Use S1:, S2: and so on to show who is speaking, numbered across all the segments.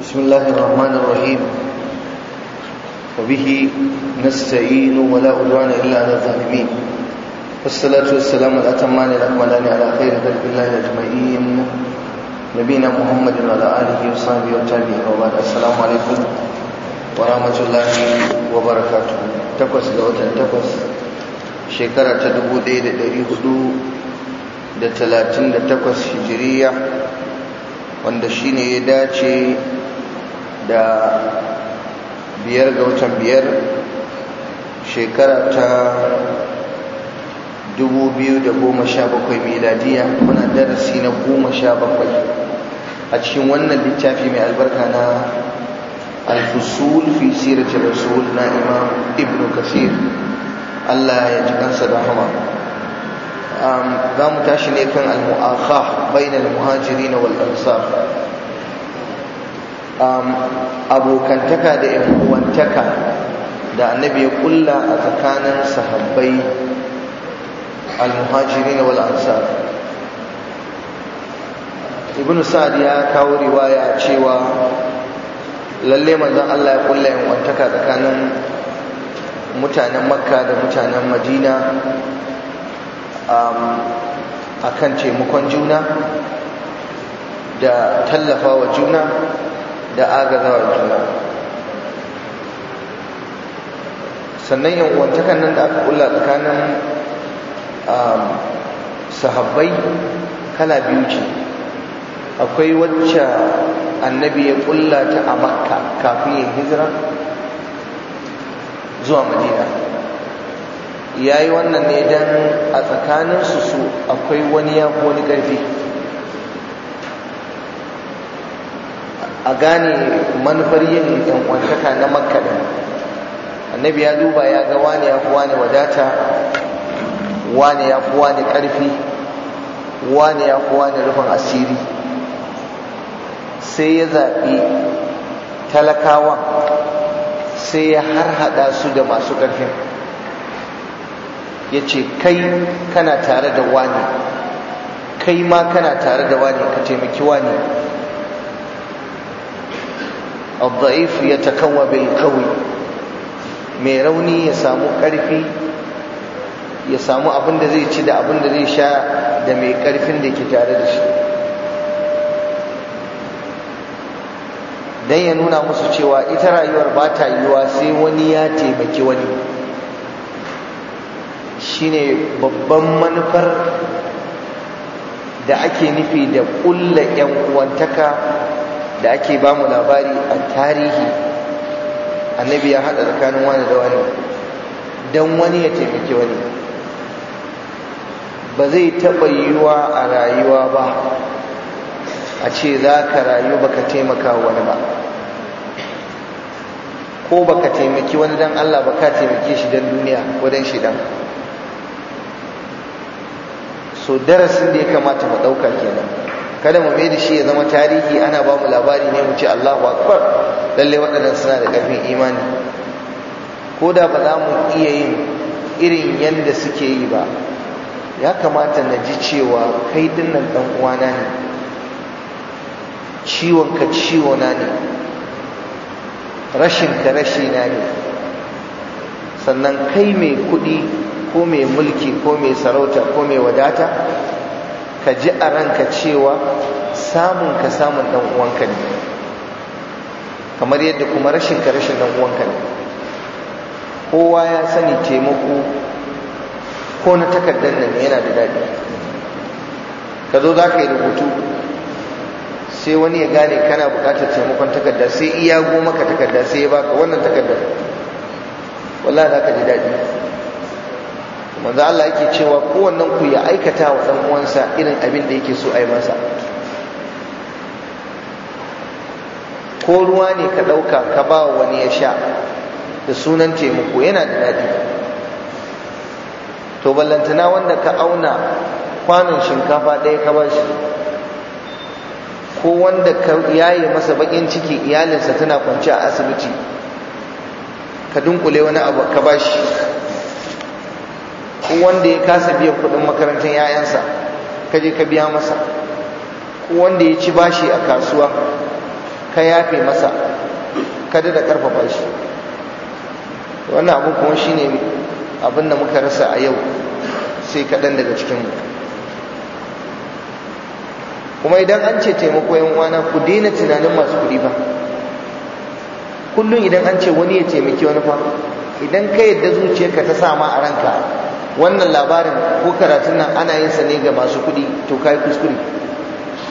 S1: بسم الله الرحمن الرحيم وبه نستعين ولا عدوان إلا على الظالمين والصلاة والسلام الأتمان الأكملان على خير خلق الله أجمعين نبينا محمد وعلى آله وصحبه والتابعين وبعد السلام عليكم ورحمة الله وبركاته تقوس لوتن تقوس shekara دي 1438 hijiriya wanda shine ya يداتي da biyar ga watan biyar shekara ta da goma 2017 miladiya muna darasi na 17 a cikin wannan littafi mai albarka na alfusul fi sirati rasul na imam ibn kasir Allah ya ji kansa da hama za mu tashi ne kan al-mu'akha bainal muhajirin wal ansar abokantaka da uwantaka da annabi ya kulla a tsakanin sahabbai al muhajiri wal ansar ibn sa'ad ya kawo riwaya cewa lalle manzon Allah ya kulla uwantaka tsakanin mutanen makka da mutanen madina a kan taimakon juna da tallafa wa juna da agazawa juna sannan yan nan da aka kula tsakanin um, sahabbai kala biyu ce akwai wacce annabi ya ƙulla ta a makka kafin ya hijira zuwa madina ya yi wannan ne don a tsakaninsu su akwai wani ya wani karfi a gane manufar yin yankwantaka na makaɗin annabi ya duba ya ga wane ya fi wane wadata wane ya fi wane ƙarfi wane ya fi wane rufin asiri sai ya zaɓi talakawan sai ya harhaɗa su da masu ƙarfin ya ce kai kana tare da wani kai ma kana tare da wani ka taimaki wani ta يتقوى بالقوي mai rauni ya samu abin da zai ci da abin da zai sha da mai ƙarfin da ke tare da shi don ya nuna musu cewa ita rayuwar ba ta yiwuwa sai wani ya taimaki wani shine babban manufar da ake nufi da ƙulla 'yan uwantaka da ake ba mu labari a tarihi annabi ya haɗa tsakanin wani da wani don wani ya taimaki wani ba zai taɓa yiwuwa a rayuwa ba a ce za ka rayu baka taimaka wani ba ko baka taimaki wani dan Allah ba ka taimake shi dan duniya ko dan shi dan so darasin da ya kamata mu ɗauka kenan kada mu mai da shi ya zama tarihi ana ba mu labari ne mu ce Allahu akbar lalle waɗannan suna da ƙarfin imani ko da ba za mu iya yin irin yadda suke yi ba ya kamata na ji cewa kai dinnan ɗan uwana ne ciwon ka ciwona ne rashin ka rashina ne sannan kai mai kuɗi ko mai mulki ko mai sarauta ko mai wadata ka ji a ranka cewa samun ka samun ɗan uwanka ne kamar yadda kuma rashin ka rashin dan uwanka ne kowa ya sani taimako ko na takardar nan yana da daɗi ka zo za ka yi rubutu sai wani ya gane kana bukatar taimakon takarda sai iya goma ka takarda sai ya baka wannan takardar wallahi za ka ji daɗi manzo Allah yake cewa kowannen ku ya aikata wa dan uwansa irin abin da yake so a yi masa ko ruwa ne ka ɗauka ka ba wani ya sha da sunan taimako yana da daɗi to ballantana wanda ka auna kwanon shinkafa ɗaya ka ba shi ko wanda ka yaye masa bakin ciki iyalinsa tana kwance a asibiti ka dunkule wani abu ka ba shi ko wanda ya kasa biyan kuɗin makarantar 'ya'yansa ka je ka biya masa ko wanda ya ci bashi a kasuwa ka yafe masa ka da karfafa shi wannan abu kuma shine abin da muka rasa a yau sai kaɗan daga cikinmu kuma idan an ce taimako yan uwana ku daina tunanin masu kuɗi ba kullum idan an ce wani ya taimaki wani fa idan ka yadda zuciyarka ta sa ma a ranka wannan labarin ko karatun nan ana yin sa ne ga masu kuɗi to kai kuskure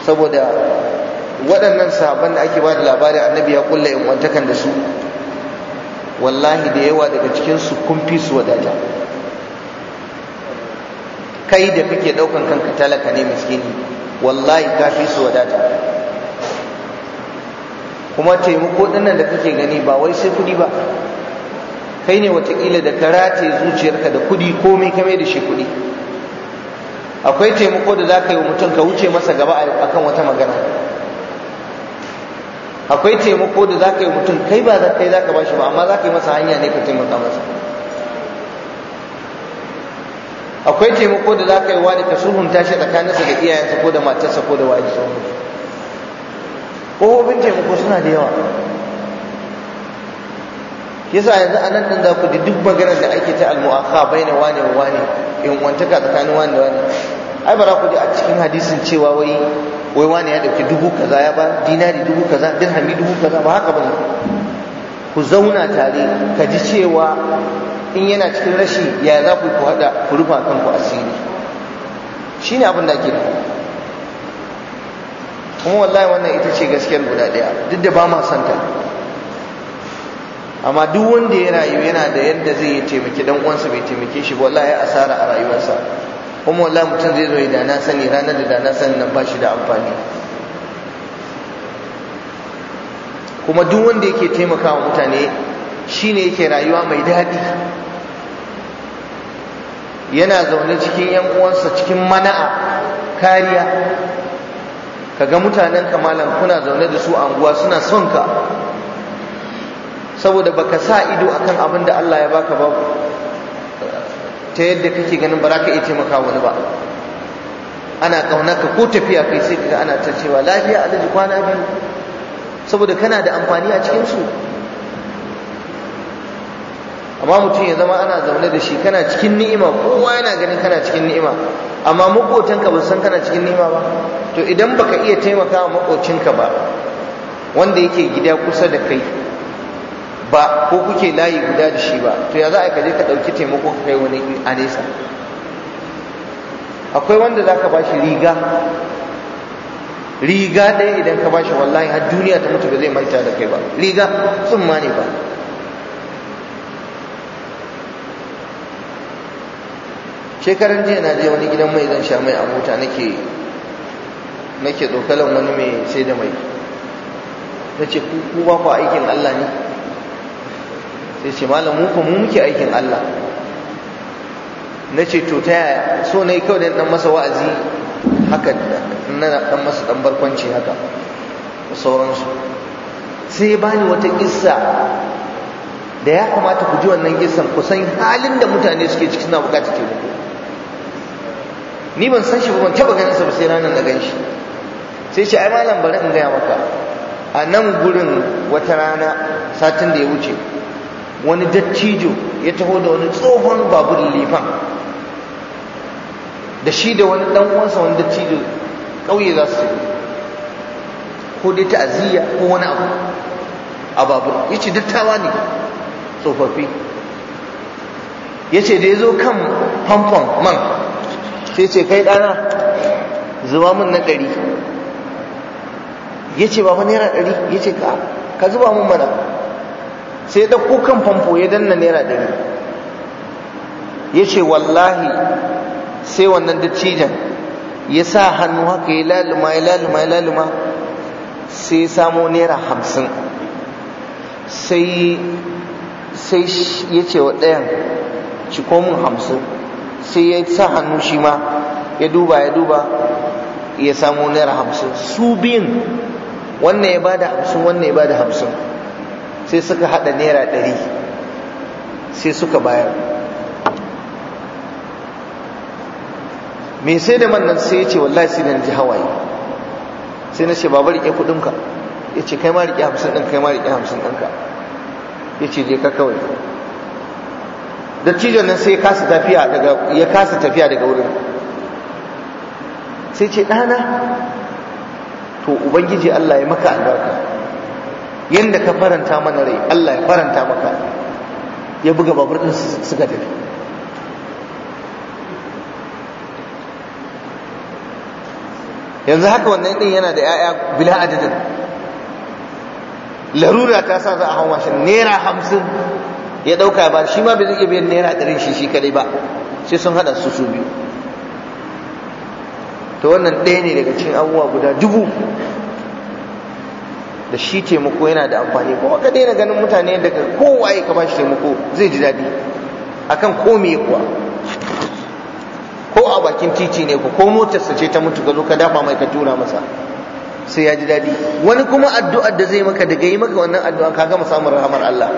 S1: saboda waɗannan sahabban da ake ba da labari annabi ya kulla yan wantakan da su wallahi da yawa daga cikin su kun fi su wadata kai da kake ɗaukan kanka talaka ne miskini wallahi ka fi su wadata kuma taimako ɗinnan da kake gani ba wai sai kuɗi ba kai ne watakila da karate zuciyarka da kudi komai kame da shi kudi akwai taimako da za ka yi wa mutum ka wuce masa gaba a kan wata magana akwai taimako da za ka yi wa mutum kai ba kai za ka ba shi ba amma za ka yi masa hanya ne ka taimaka masa akwai taimako da za ka yi wa da ka sulhunta shi tsakaninsa da iyayensa ko da matarsa ko da waje ƙofofin taimako suna da yawa yasa yanzu a nan ɗin za ku ji duk maganar da ake ta almu'akha baina wane wa wane in wantaka tsakanin wane da wane ai ba za ku ji a cikin hadisin cewa wai wai wane ya dauki dubu kaza ya ba dinari dubu kaza dirhami dubu kaza ba haka ba ku zauna tare ka ji cewa in yana cikin rashi ya za ku ku hada ku rufa kanku asiri shine abin da ake da kuma wallahi wannan ita ce gaskiyar guda ɗaya, duk da ba ma santa amma duk wanda ya rayu yana da yadda zai taimaki dan uwansa bai taimake shi ba wallahi asara a rayuwarsa kuma wallahi mutum zai zo da dana sani ranar da dana sani nan ba shi da amfani kuma duk wanda yake taimakawa mutane shine yake rayuwa mai daɗi yana zaune cikin yan uwansa cikin mana'a kariya kaga mutanen kamalan kuna zaune da su a unguwa suna son ka saboda baka sa ido akan abin da Allah ya baka ba ta yadda kake ganin ba za ka iya taimaka wani ba ana kauna ka ko tafiya kai sai ka ana ta cewa lafiya daji kwana biyu saboda kana da amfani a cikin su amma mutum ya zama ana zaune da shi kana cikin ni'ima kowa yana ganin kana cikin ni'ima amma makotanka ba san kana cikin ni'ima ba to idan baka iya taimaka wa makocinka ba wanda yake gida kusa da kai ba ko kuke layi guda da shi ba to ya za a kaje ka ɗauki taimako ka kai wani a nesa akwai wanda za ka ba shi riga riga ɗaya idan ka ba shi wallahi har duniya ta mutu ba zai manta da kai ba riga sun ne ba shekaran jiya na je wani gidan mai zan sha mai a mota nake nake tsokalan wani mai sai da mai nace ce ku ba ku aikin Allah ne sai ce malam mu ko mu muke aikin Allah na ce to ta yaya so na yi kawai dan masa wa'azi haka na dan masa dan barkwanci haka sauransu sai ya bani wata kissa da ya kamata ku ji wannan kissan ku san halin da mutane suke ciki suna ke taimako ni ban san shi ba ban taba ganin sa ba sai ranar na ganshi sai ce ai malam bari in gaya maka a nan gurin wata rana satin da ya wuce wani dattijo ya taho da wani tsohon babur lifan da shi da wani dan uwansa wani dattijo ƙauye za su ko dai ta'aziyya ko wani abu a babur ya ce dattawa ne tsofaffi ya ce da ya zo kan famfon man sai ce kai ɗana zuba min na ɗari ya ce ba naira ɗari ya ce ka zuba min mana sai da kukan famfo ya danna naira ɗari ya ce wallahi sai wannan dattijan ya sa hannu haka ya laluma ya laluma ya laluma sai samo naira hamsin sai sai ya ce wa ɗayan ciko mun hamsin sai ya sa hannu shi ma ya duba ya duba ya samo naira hamsin su biyun wannan ya bada hamsin wannan ya bada hamsin sai suka hada naira ɗari sai suka bayar me sai da man nan sai ya ce wallahi sai da ji hawaye sai na ce baba rike kudinka ya ce kai ma rike hamsin ɗin kai ma rike hamsin ɗinka ya ce je ka kawai cijon nan sai ya kasa tafiya daga ya kasa tafiya daga wurin sai ce ɗana to ubangiji Allah ya maka albarka Yanda ka faranta mana rai Allah ya faranta maka ya buga babur ɗin suka tafi yanzu haka wannan din yana da 'ya'ya bila adadin larura ta sa za a hau shi naira hamsin ya ɗauka ba shi ma bai zai iya biyan naira ɗarin shi shi kadai ba sai sun haɗa su su biyu to wannan ɗaya ne daga cikin abubuwa guda dubu da shi taimako yana da amfani kuma ka daina ganin mutane daga kowaye ka shi taimako zai ji daɗi akan ko me kuwa ko a bakin titi ne ku, ko motarsa ce ta mutu ka zo ka dafa mai ka tura masa sai ya ji daɗi wani kuma addu'ar da zai maka daga yi maka wannan addu'a ka gama samun rahamar Allah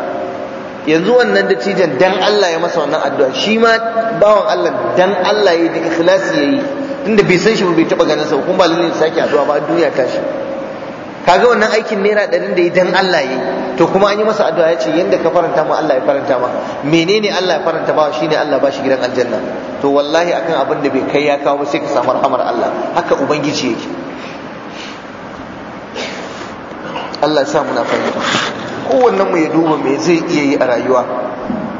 S1: yanzu wannan dattijan dan Allah ya masa wannan addu'a shi ma bawan Allah dan Allah ya yi da ikhlasi ya yi tunda bai san shi ba bai taɓa ganin sa kuma ba sake addu'a ba duniya tashi. kaga wannan aikin naira ɗarin da yi Allah yi to kuma an yi masa addu'a ya ce yanda ka faranta ma Allah ya faranta ma menene Allah ya faranta ba shine Allah ba shi gidan aljanna to wallahi akan abin da bai kai ya kawo sai ka samu rahamar Allah haka ubangiji yake Allah sa muna fahimta kowannen mu ya duba me zai iya yi a rayuwa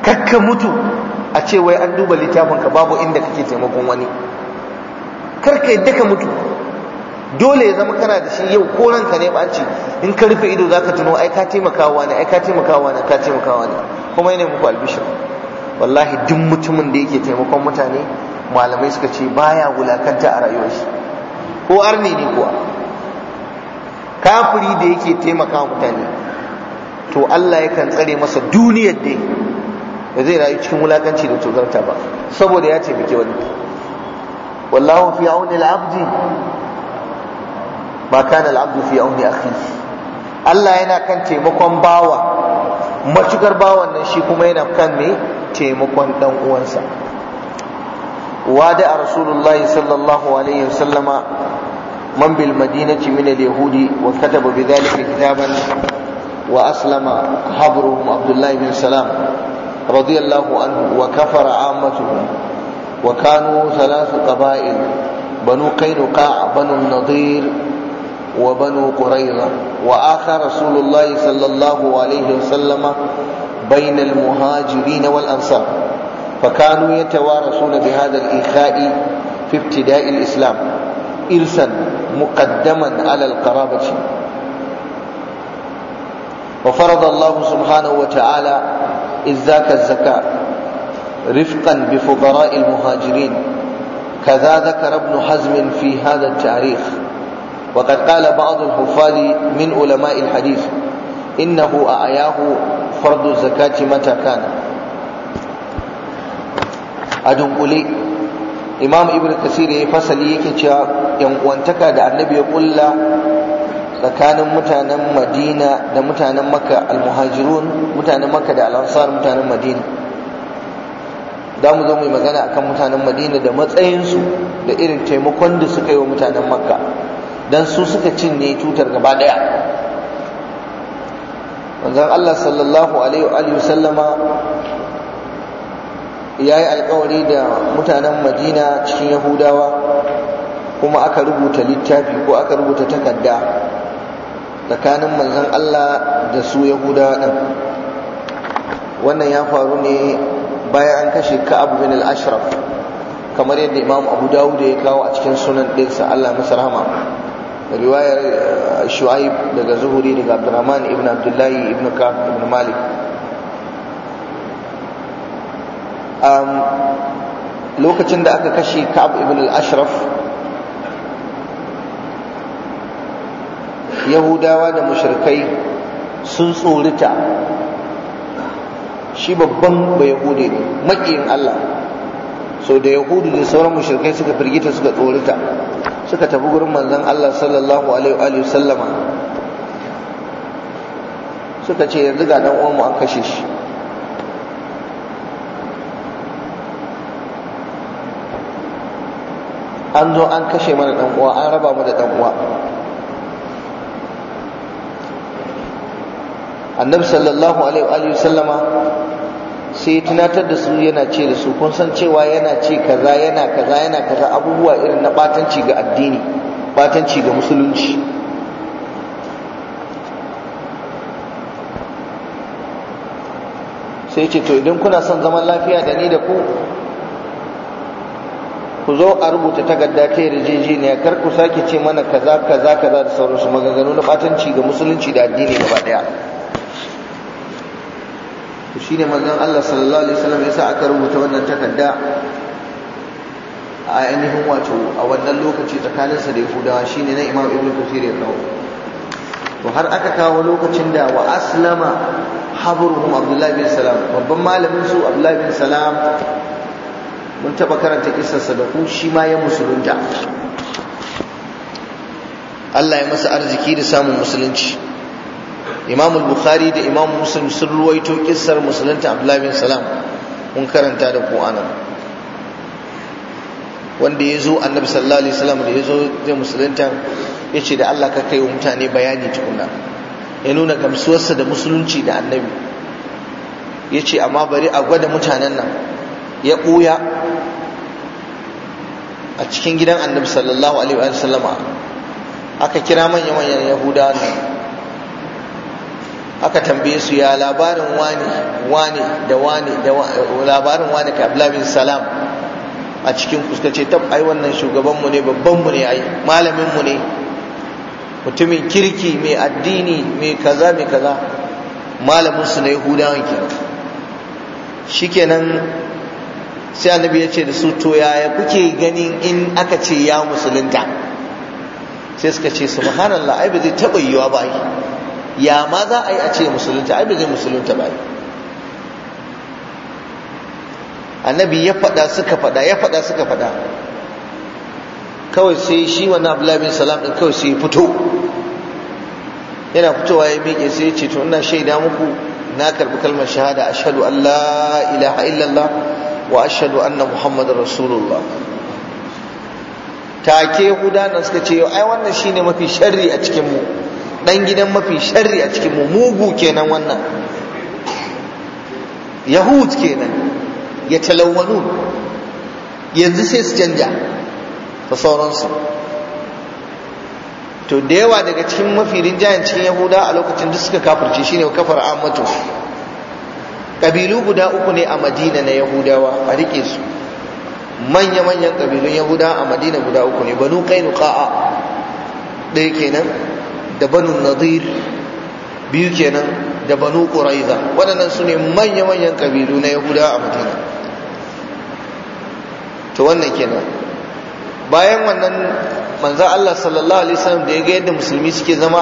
S1: kakka mutu a ce wai an duba littafin ka babu inda kake taimakon wani karka yadda ka mutu dole ya zama kana da shi yau ko ka ne ɓaci in ka rufe ido zaka tuno ai ka taimakawa ne ai ka taimakawa ne ka taimakawa ne kuma yana muku albishir wallahi duk mutumin da yake taimakon mutane malamai suka ce baya wulakanta a rayuwar shi ko arne ne kuwa kafiri da yake taimaka mutane to Allah yakan tsare masa duniyar dai Ba zai rayu cikin wulakanci da tozarta ba saboda ya taimake wani wallahu fi auni al-abdi ma kana al'abdu fi auni akhi Allah yana kan taimakon bawa matukar bawan nan shi kuma yana kan me taimakon dan uwansa wada rasulullahi sallallahu alaihi wasallama من بالمدينة من اليهود وكتب بذلك كتابا وأسلم حبرهم عبد الله بن سلام رضي الله عنه وكفر عامته وكانوا ثلاث قبائل بنو قينقاع بنو النضير وبنو قريظة وآخى رسول الله صلى الله عليه وسلم بين المهاجرين والأنصار فكانوا يتوارثون بهذا الاخاء في ابتداء الإسلام إرسا مقدما على القرابة وفرض الله سبحانه وتعالى إذ ذاك الزكاة رفقا بفقراء المهاجرين كذا ذكر ابن حزم في هذا التاريخ وقد قال بعض الحفاظ من علماء الحديث إنه أعياه فرض الزكاة متى كان أدنقلي إمام ابن كثير يفصل يكي ينقوانتك دا النبي يقول tsakanin mutanen madina da mutanen maka almuhajirun mutanen maka da al'ansar mutanen madina da mu zo mu yi magana akan mutanen madina da matsayinsu da irin taimakon da suka yi wa mutanen makka dan su suka cinye tutar gaba daya Wanzan Allah sallallahu alaihi wa sallama ya yi alkawari da mutanen madina cikin yahudawa kuma aka rubuta littafi ko aka rubuta takarda tsakanin manzon Allah da su yahudawa din wannan ya faru ne bayan an kashe ka'ab bin al-ashraf kamar yadda imam abu dawud ya kawo a cikin sunan ɗinsa allah masa rahama riwayar shu'aib daga zuhuri daga abdurrahman ibn abdullahi ibn kaf ibn malik lokacin da aka kashe ka'ab ibn al-ashraf yahudawa da mushrikai sun tsorita shi babban bayahude ne maƙiyin allah so da yahudu da sauran mushrikai suka firgita suka tsorita suka tafi gurin manzon Allah sallallahu alaihi wa sallama suka ce yanzu ga dan uwanmu an kashe shi an zo an kashe mana dan uwa an raba mu da dan uwa annabi sallallahu alaihi wa sallama sai tunatar da su yana ce da su kun san cewa yana ce kaza yana kaza yana kaza abubuwa irin na batanci ga addini batanci ga musulunci sai ce to idan kuna son zaman lafiya da ni da ku ku zo a rubuta takarda ta yarjejeniya kar ku sake ce mana kaza kaza kaza da sauransu maganganu na batanci ga musulunci da addini gaba daya to shine manzon Allah sallallahu alaihi wasallam yasa aka rubuta wannan takarda a ainihin wato a wannan lokaci tsakaninsa da Yahudawa shine na Imam Ibn Kathir ya kawo to har aka kawo lokacin da wa aslama habruhum Abdullah bin Salam babban malamin su Abdullah bin Salam mun taba karanta sa da ku shi ma ya musulunta Allah ya masa arziki da samun musulunci imam bukhari da imam muslim sun ruwaito kissar musulunta abdullahi bin salam mun karanta da ku anan wanda ya zo annabi sallallahu alaihi wasallam da ya zo da musulunta ya ce da allah ka kai wa mutane bayani tukuna ya nuna gamsuwarsa da musulunci da annabi ya ce amma bari a gwada mutanen nan ya ɓuya a cikin gidan annabi sallallahu alaihi wasallama aka kira manya-manyan yahudawa aka tambaye su ya labarin wani wani da wani da labarin wani ka bin salam a cikin kuska ce tab ai wannan shugaban mu ne babban mu ne ai malamin mu ne mutumin kirki mai addini mai kaza mai kaza malamin su ne yahudawan kenan shikenan sai annabi ya ce da su to yaya kuke ganin in aka ce ya musulunta sai suka ce subhanallah ai ba zai taba yiwa ba ai ya ma za a yi a ce musulunta ai ba zai musulunta ba annabi ya faɗa suka faɗa ya faɗa suka faɗa kawai sai shi wani abdullahi salam ɗin kawai sai fito yana fitowa ya miƙe sai ya ce to ina shaida muku na karɓi kalmar shahada ashhadu an la ilaha illallah wa ashhadu anna muhammadar rasulullah take hudanan suka ce ai wannan shine mafi sharri a cikin mu dan gidan mafi sharri a cikin mu mugu kenan wannan yahud kenan ya talawwanu yanzu sai su canja da sauransu to da yawa daga cikin mafi rinjayen cikin yahuda a lokacin da suka kafirce shine kafar amatu kabilu guda uku ne a madina na yahudawa a rike su manya-manyan kabilun yahuda a madina guda uku ne banu kainuka'a ɗaya kenan da banu nadir biyu kenan da banu ƙuraiza waɗannan su ne manya-manyan ƙabilu na yahuda a madina to wannan kenan bayan wannan manzo Allah sallallahu alaihi wasallam da ya ga yadda musulmi suke zama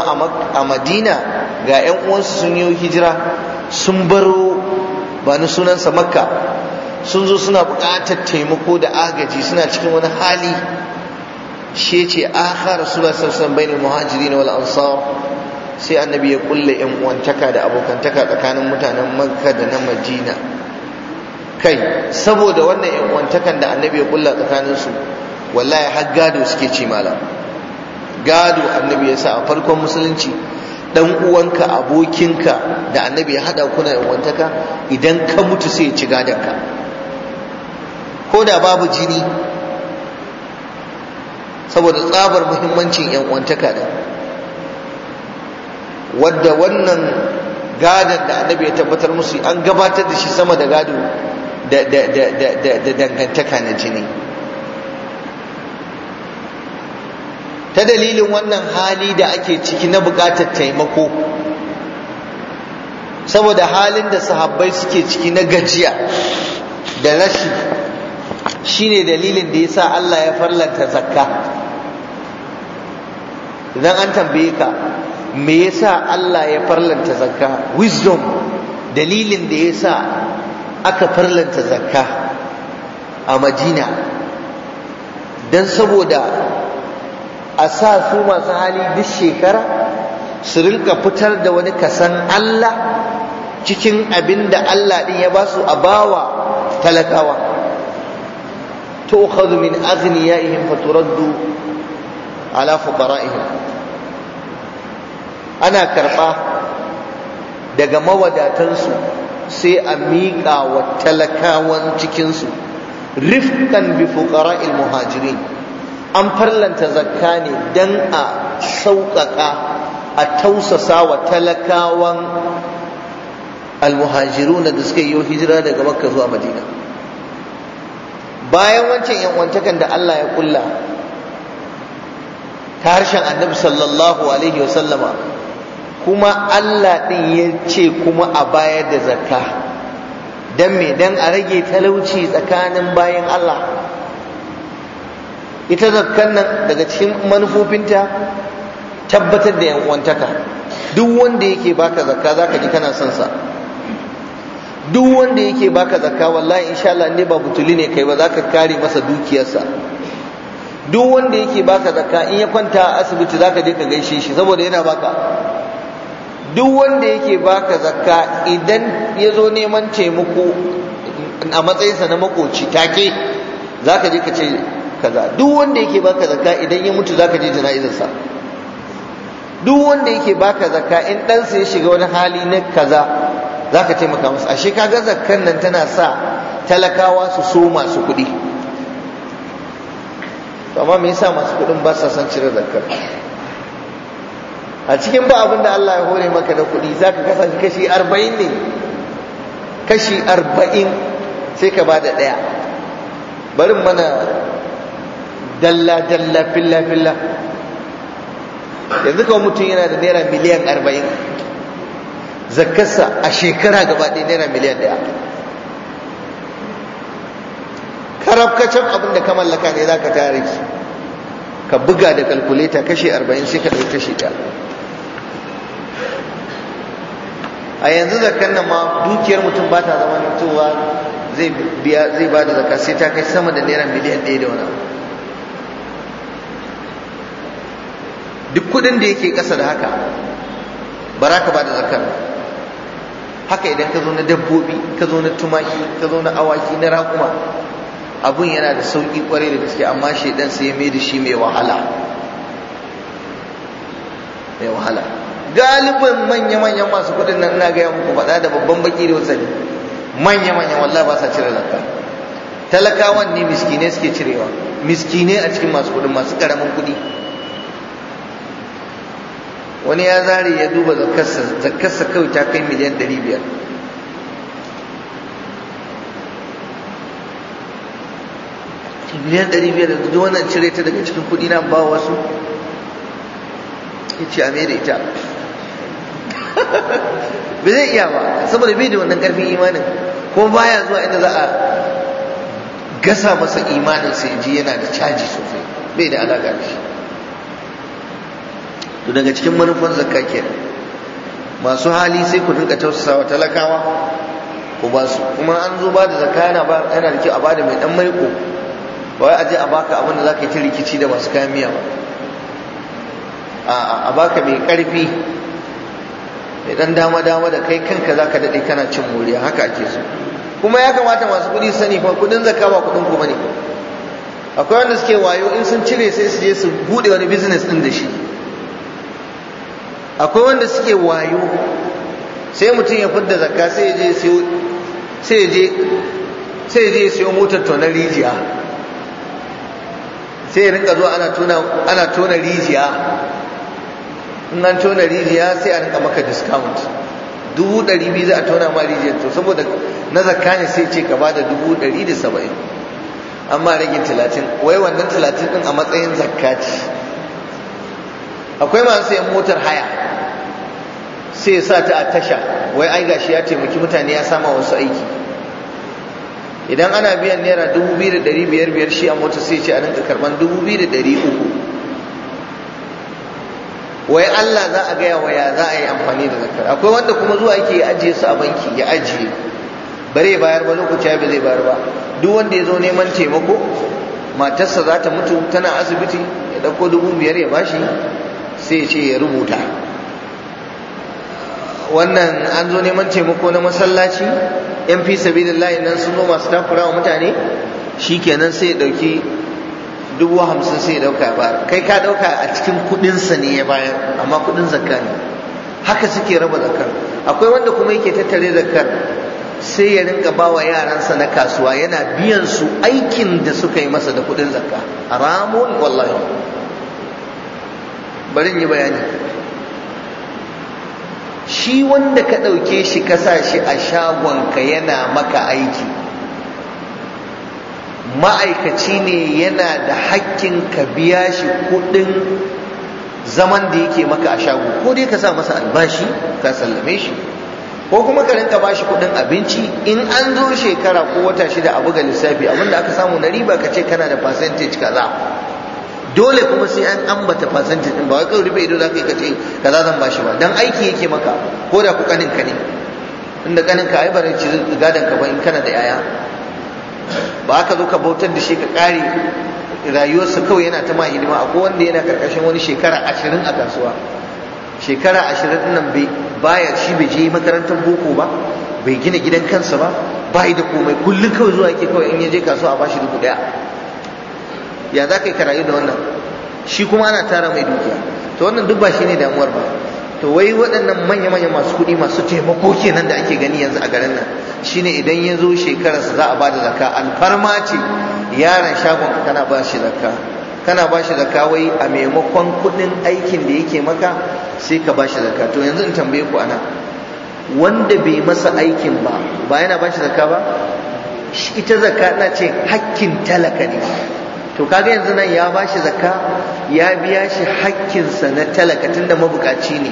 S1: a madina ga 'yan uwansu sun yi hijira sun baro ba ni sunansa makka sun zo suna buƙatar taimako da agaji suna cikin wani hali shi ce akhar su sallallahu alaihi wasallam muhajiri wal ansar sai annabi ya kulle yan uwantaka da abokantaka tsakanin mutanen makka da na madina kai saboda wannan yan uwantakan da annabi ya kulla tsakanin su wallahi har gado suke ci malam gado annabi ya sa a farkon musulunci dan uwanka abokinka da annabi ya hada kuna yan uwantaka idan ka mutu sai ya ci ka. ko da babu jini saboda tsabar muhimmancin yan uwantaka wadda wannan gadon da annabi ya tabbatar musu an gabatar da shi sama da gado da dangantaka na jini ta dalilin wannan hali da ake ciki na bukatar taimako saboda halin da sahabbai suke ciki na gajiya da rashi shine dalilin da yasa Allah ya farlanta zakka idan an tambaye ka me yasa Allah ya farlanta zakka wisdom dalilin da ya sa aka farlanta zakka a Madina Don saboda a sa su masu hali duk shekara su rinka fitar da wani kasan Allah cikin abin da Allah ɗin ya ba su a bawa talakawa تؤخذ من أغنيائهم فترد على فقرائهم أنا karɓa daga mawadatansu sai a miƙa wa talakawan cikinsu rifkan bi fuqara'il muhajirin an farlanta zakka ne dan a sauƙaƙa a tausasa wa talakawan almuhajiruna da suka yi hijira daga makka zuwa madina bayan wancan yan'uwantakan da Allah ya kulla ta harshen annabi sallallahu alaihi wasallama kuma Allah ɗin ya ce kuma a bayar da zakka don me don a rage talauci tsakanin bayan Allah ita zakkan nan daga cikin manufofinta tabbatar da yan'uwantaka duk wanda yake baka zakka zaka ji kana son sa duk wanda yake baka zakka wallahi insha Allah ne ba butuli ne kai ba za ka kare masa dukiyarsa duk wanda yake baka zakka in ya kwanta a asibiti za ka je ka gaishe shi saboda yana baka duk wanda yake baka zakka idan ya zo neman taimako a matsayinsa na makoci take za ka je ka ce kaza duk wanda yake baka zakka idan ya mutu za ka je jana'izarsa duk wanda yake baka zakka in ɗansa ya shiga wani hali na kaza Zaka ka taimaka musu ashe ka ga zakkan nan tana sa talakawa su so masu kuɗi amma me yasa masu kuɗin ba sa son cire zakkar a cikin ba abin Allah ya hore maka da kuɗi zaka ka kasance kashi arba'in ne kashi arba'in sai ka ba da ɗaya barin mana dalla dalla filla filla yanzu kawai mutum yana da naira miliyan arba'in zakkarsa a shekara gaba ɗaya naira miliyan ɗaya karabkacin abin da ka mallaka ne za ka tare shi ka buga da kalkuleta kashe arba'in sai ka ɗauki kashe ɗaya a yanzu zakkan nan ma dukiyar mutum ba ta zama fitowa zai biya zai ba da zakka sai ta kai sama da naira miliyan ɗaya da wani duk kuɗin da yake ƙasa da haka ba za ka ba da zakar haka idan ka zo na dabbobi ka zo na tumaki ka zo na awaki na raƙuma abun yana da sauƙi kwarai da gaske amma shaidan sai ya mai da shi mai wahala mai wahala galibin manya-manyan masu kudin nan na gaya muku faɗa da babban baki da wasani manya-manyan wallah ba sa cire zakka talakawan ne miskinai suke cirewa miskinai a cikin masu kudin masu ƙaramin kudi wani ya zare ya duba zakarsa zakarsa kawai ta kai miliyan 500 miliyan 500 da duk wannan cire ta daga cikin kudi na ba wasu ya ce a mai da ita ba zai iya ba saboda bai da wannan karfin imanin ko baya zuwa inda za a gasa masa imanin sai ji yana da caji sosai bai da alaƙa da shi to daga cikin manufan zakka ke masu hali sai ku dinga tausasawa talakawa ku ba su kuma an zo ba da zakka yana ba yana da kyau a bada mai dan maiko ba wai a je a baka abin da zaka yi ta rikici da masu kayan miya ba a baka mai karfi mai dan dama dama da kai kanka zaka dade kana cin moriya haka ake so kuma ya kamata masu kuɗi sani fa kudin zakka ba kuɗin ku bane akwai wanda suke wayo in sun cire sai su je su bude wani business din da shi akwai wanda suke wayo sai mutum ya fidda zakka sai ya je siyo sai ya je sai je motar tona rijiya sai ya rinka zuwa ana tona ana tona rijiya in an tona rijiya sai a rinka maka discount dubu ɗari biyu za a tona ma rijiya to saboda na zakka ne sai ce ka bada dubu ɗari da saba'in amma rage talatin wai wannan talatin din a matsayin zakka ce akwai masu sayan motar haya sai ya sa ta a tasha wai ai gashi ya taimaki mutane ya sama wasu aiki idan ana biyan naira dubu biyu da ɗari biyar biyar shi a mota sai ce a rinka karɓan dubu biyu da ɗari uku wai Allah za a gaya waya za a yi amfani da zakar akwai wanda kuma zuwa yake ya ajiye su a banki ya ajiye bare bayar ba lokaci ba zai bayar ba duk wanda ya zo neman taimako matarsa za ta mutu tana asibiti ya ɗauko dubu biyar ya bashi sai ya ce ya rubuta wannan an zo neman taimako na masallaci yan fi layi nan sun zo masu takura wa mutane Shi shikenan sai ya dauki dubu hamsin sai ya dauka ba kai ka dauka a cikin kudinsa ne ya bayar amma kudin zakka ne haka suke raba zakkar akwai wanda kuma yake tattare zakkar sai ya rinka ba wa yaransa na kasuwa yana biyan su aikin da suka yi masa da kuɗin zakka haramun wallahi bari yi bayani shi wanda ka ɗauke shi ka sa shi a shagonka yana maka aiki ma'aikaci ne yana da hakkin ka biya shi kuɗin zaman da yake maka a shago ko dai ka sa masa albashi ka sallame shi ko kuma ka rinka bashi kuɗin abinci in an zo shekara ko wata shida a buga lissafi abinda aka samu na riba ka ce kana da percentage kaza dole kuma sai an ambata percentage din ba wai kawai rufe ido za ka yi kace kaza zan shi ba dan aiki yake maka ko da ku kanin ka ne inda kanin ka ai bare ci gadan ka ba in kana da yaya ba ka zo ka bautar da shi ka kare rayuwarsa kawai yana ta ma hidima akwai wanda yana karkashin wani shekara ashirin a kasuwa shekara ashirin nan baya shi bai je makarantar boko ba bai gina gidan kansa ba bai da komai kullum kawai zuwa yake kawai in ya je kasuwa a bashi dubu daya ya za ka yi karayu da wannan shi kuma ana tara mai dukiya to wannan duk ba shi ne damuwar ba to wai waɗannan manya-manya masu kuɗi masu taimako kenan da ake gani yanzu a garin nan shine idan ya zo shekararsa za a ba da zakka alfarma ce yaran shagon kana ba shi zakka kana ba shi zakka wai a maimakon kuɗin aikin da yake maka sai ka ba shi zakka to yanzu in tambaye ku ana wanda bai masa aikin ba ba yana ba shi zakka ba ita zakka na ce hakkin talaka ne to kaga yanzu nan ya ba shi zakka ya biya shi hakkinsa na talaka tunda mabukaci ne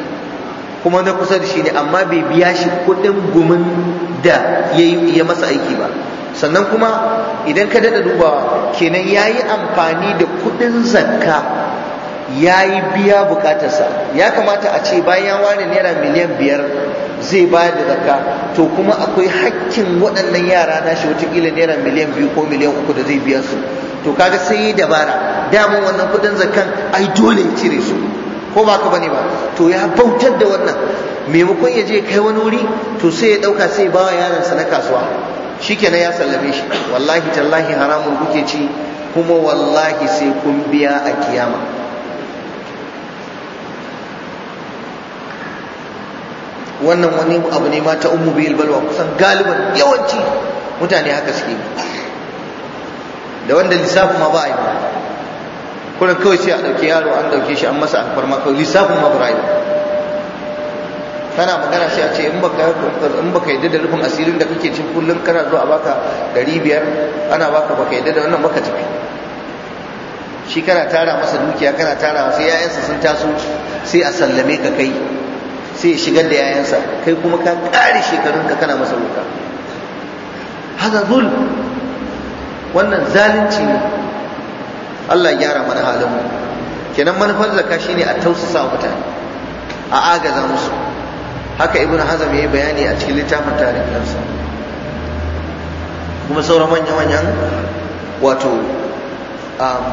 S1: kuma na kusa da shi ne amma bai biya shi kuɗin gumin da ya masa aiki ba sannan kuma idan ka daɗa dubawa kenan ya yi amfani da kuɗin zakka ya yi biya bukatarsa ya kamata a ce bayan ware naira miliyan biyar zai bayar da zakka to kuma akwai hakkin waɗannan yara na shi watakila naira miliyan biyu ko miliyan uku da zai biya su to kaga sai dabara damun wannan kudin zakan ai dole ya cire su ko ba ka bane ba to ya bautar da wannan maimakon ya je kai wani wuri to sai ya dauka sai ya bawa yaron sa na kasuwa shikenan ya sallame shi wallahi tallahi haramun kuke ci kuma wallahi sai kun biya a kiyama wannan wani abu ne ma ta ummu bil balwa kusan galiban yawanci mutane haka suke da wanda lissafin ma ba a yi ba kuna kawai sai a ɗauki yaro an ɗauke shi an masa alfarma kawai lissafin ma ba a yi kana magana sai a ce in baka in baka yadda da rufin asirin da kake cin kullum kana zuwa baka ɗari biyar ana baka baka yadda da wannan baka tafi shi kana tara masa dukiya kana tara sai yayansa sun taso sai a sallame ka kai sai ya shigar da yayansa kai kuma ka ƙare shekarunka kana masa wuka haka zulm wannan zalunci ne Allah ya gyara mana halin mu kenan manufar zakka shine a tausasa mutane a agaza musu haka ibnu hazm yayi bayani a cikin littafin tarihin kuma sauran manya-manyan wato um,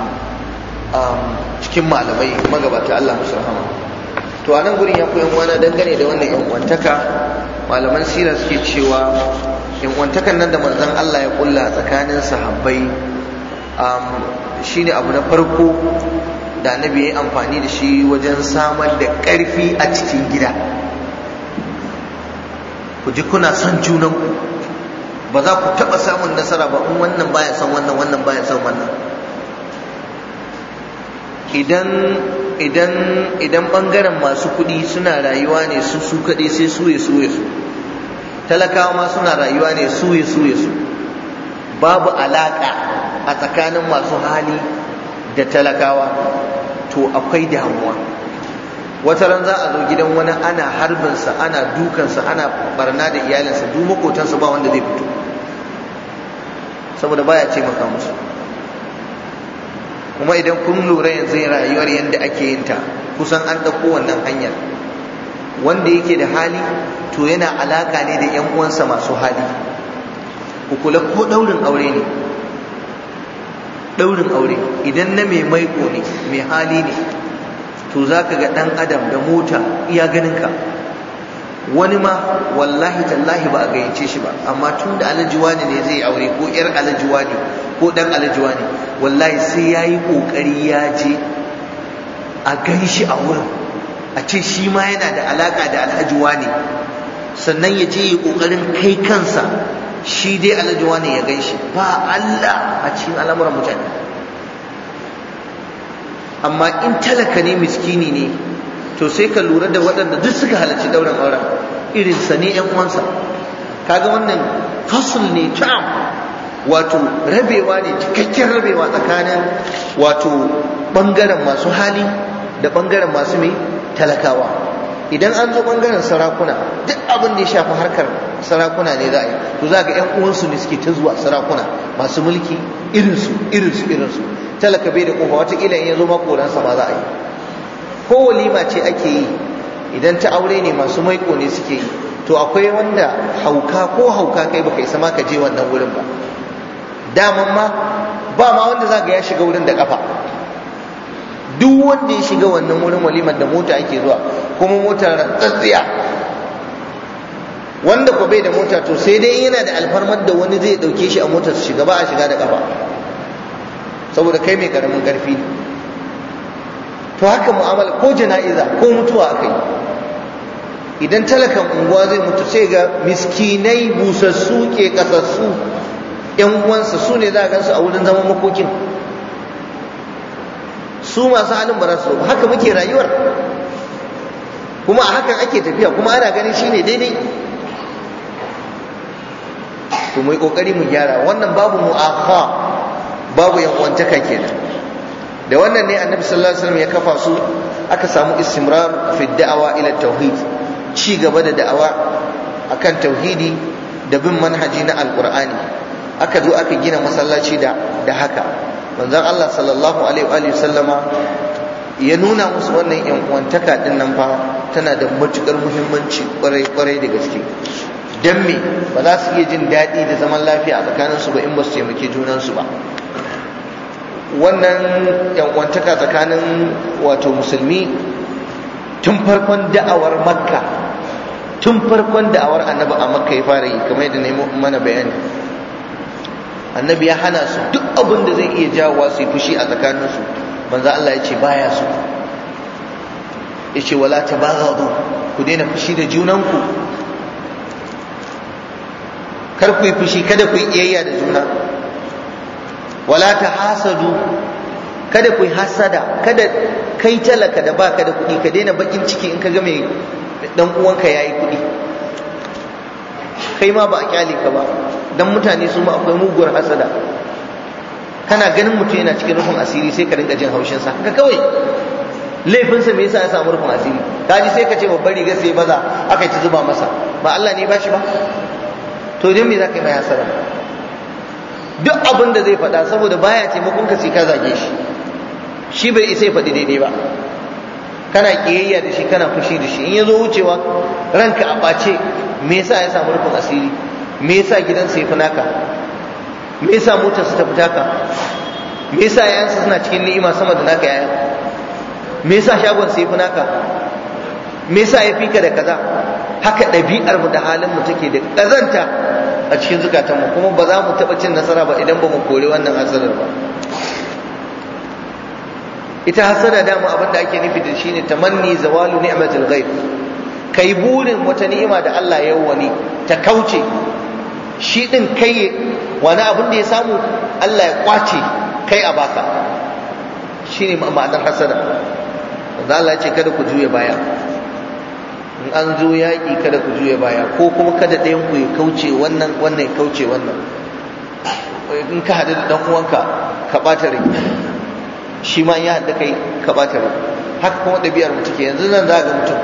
S1: um, cikin malamai magabata Allah musu rahama to a nan gurin ya koyan wani dangane da wannan yan uwantaka malaman sira suke cewa yankuntakan nan da manzon Allah ya kulla tsakanin sahabbai um, ne abu na farko da nabi ya amfani da shi wajen samar da ƙarfi a cikin gida ku ji kuna son junan ba za ku taɓa samun nasara ba in wannan baya son wannan wannan baya son wannan idan idan idan bangaren masu kuɗi suna rayuwa ne su su kaɗai sai su ya su ya su talakawa ma suna rayuwa ne suye suye su babu alaka a tsakanin masu hali da talakawa to akwai damuwa wata ran za a zo gidan wani ana harbinsa ana dukansa ana barna da iyalinsa duk makotansa ba wanda zai fito saboda baya ce maka musu kuma idan kun lura yanzu rayuwar yadda ake yin ta kusan an ɗauko wannan hanyar wanda yake da hali to yana alaka ne da 'yan uwansa masu hali ku kula ko daurin aure ne daurin aure idan na mai maiko ne mai hali ne to za ga ɗan adam da mota iya ganinka wani ma wallahi tallahi ba a gayyace shi ba amma tun da alajiwani ne ne zai aure ko yar alajiwani ko ɗan alajiwani, ne wallahi sai ya yi ƙoƙari ya je a gan shi a wurin a ce shi ma yana da alaka da alhajuwa ne sannan ya je yi kokarin kai kansa shi dai alhajuwa ne ya gan shi ba Allah a cikin al'amuran mutane amma in talaka ne miskini ne to sai ka lura da waɗanda duk suka halarci ɗaurin auren irin sa ne yan uwansa kaga wannan fasul ne tam wato rabewa ne cikakken rabewa tsakanin wato ɓangaren masu hali da ɓangaren masu mai talakawa idan an zo bangaren sarakuna duk abin da ya shafi harkar sarakuna ne za a yi to za ga yan uwansu ne suke ta zuwa sarakuna masu mulki irinsu irinsu irinsu talaka bai da kofa watakila in ya zo makoransa ma za a yi ko walima ce ake yi idan ta aure ne masu maiko ne suke yi to akwai wanda hauka ko hauka kai baka isa ma ka je wannan wurin ba daman ma ba ma wanda za ga ya shiga wurin da kafa duk wanda ya shiga wannan wurin walimar da mota ake zuwa kuma motar rantsatsiya wanda ku bai da mota to sai dai yana da alfarmar da wani zai dauke shi a motar su shiga ba a shiga da kafa saboda kai mai karamin karfi to haka mu'amala ko jana'iza ko mutuwa akai idan talakan unguwa zai mutu sai ga miskinai busassu ke kasassu yan uwansa su ne za a gansu a wurin zaman makokin su masu halin ba za su haka muke rayuwar kuma a hakan ake tafiya kuma ana ganin shine daidai to mu yi kokari mu gyara wannan babu mu'akha babu yankuwantaka kenan da wannan ne annabi sallallahu alaihi wasallam ya kafa su aka samu istimrar fi da'awa ila tauhid ci gaba da da'awa akan tauhidi da bin manhaji na alqur'ani aka zo aka gina masallaci da da haka manzon Allah sallallahu alaihi wa sallama ya nuna musu wannan yan uwantaka din nan fa tana da matukar muhimmanci kwarai kwarai da gaske dan me ba za su iya jin daɗi da zaman lafiya tsakanin su ba in ba su taimaki junan su ba wannan yan uwantaka tsakanin wato musulmi tun farkon da'awar makka tun farkon da'awar annabi a makka ya fara yi kamar yadda na yi mana bayani annabi ya hana su duk abin da zai iya jawo su yi fushi a tsakaninsu manzo Allah ya ce baya su ya ce wala ta baghadu ku daina fushi da junanku kar ku yi fushi kada ku yi iyayya da juna wala ta hasadu kada ku yi hasada kada kai talaka da baka da kuɗi ka daina bakin ciki in ka ga mai dan uwanka yayi kuɗi kai ma ba a kyale ka ba dan mutane su ma akwai muguwar hasada kana ganin mutum yana cikin rufin asiri sai ka dinga jin haushin sa Ka kawai laifinsa me yasa ya samu rufin asiri kaji sai ka ce babbar riga sai maza aka yi ta zuba masa ba Allah ne bashi ba to dan me za yi mai hasada duk abin da zai faɗa saboda baya taimakon ka sai ka zage shi shi bai isa ya faɗi daidai ba kana kiyayya da shi kana fushi da shi in ya zo wucewa ranka a ɓace me yasa ya samu rufin asiri me yasa gidan ya fi naka me yasa mota su tafi taka me yasa su suna cikin ni'ima sama da naka yayan me yasa shagon ya fi naka me yasa ya fika da kaza haka ɗabi'ar mu da halin mu take da ƙazanta a cikin zukatan mu kuma ba za mu taɓa cin nasara ba idan ba mu kore wannan hasarar ba ita hasada dama abin da ake nufi da shi ne tamanni zawalu ni'matul ghaib kai burin wata ni'ima da Allah ya wani ta kauce shi din kai wani abin da ya samu Allah ya kwace kai a baka ne ma'adar hasada wanda Allah ya ce kada ku juya baya in an zo yaƙi kada ku juya baya ko kuma kada ɗayan ku ya kauce wannan wannan ya kauce wannan in ka haɗu da ɗan uwanka ka ɓata rai shi ma ya haɗu kai ka ɓata rai haka kuma ɗabi'ar mu take yanzu nan za ga mutum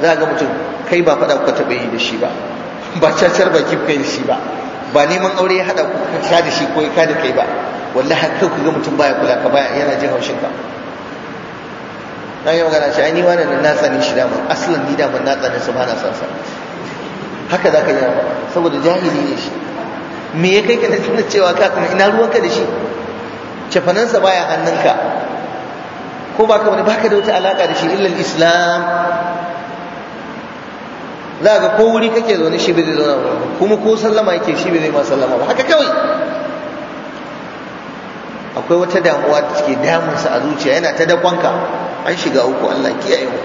S1: za ga mutum kai ba faɗa ku taɓa yi da shi ba ba cacar ba kai da shi ba ba neman aure ya hada ku ka da shi ko ka da kai ba wallahi kai ku ga mutum baya kula ka baya yana jin haushin ka na yi magana shi ni wannan da na tsani shi da mun aslan ni da mun na tsani su ba na san sa haka zaka yi saboda jahili ne shi me ya kai ka da tunan cewa ka kuma ina ruwanka da shi cefanansa baya hannunka ko baka wani baka da wata alaka da shi illa islam za ga ko wuri kake zaune shi bai zauna wurin kuma ko sallama yake shi bai zai ma sallama ba haka kawai akwai wata damuwa da take damunsa a zuciya yana ta dakonka an shiga uku Allah kiyaye mu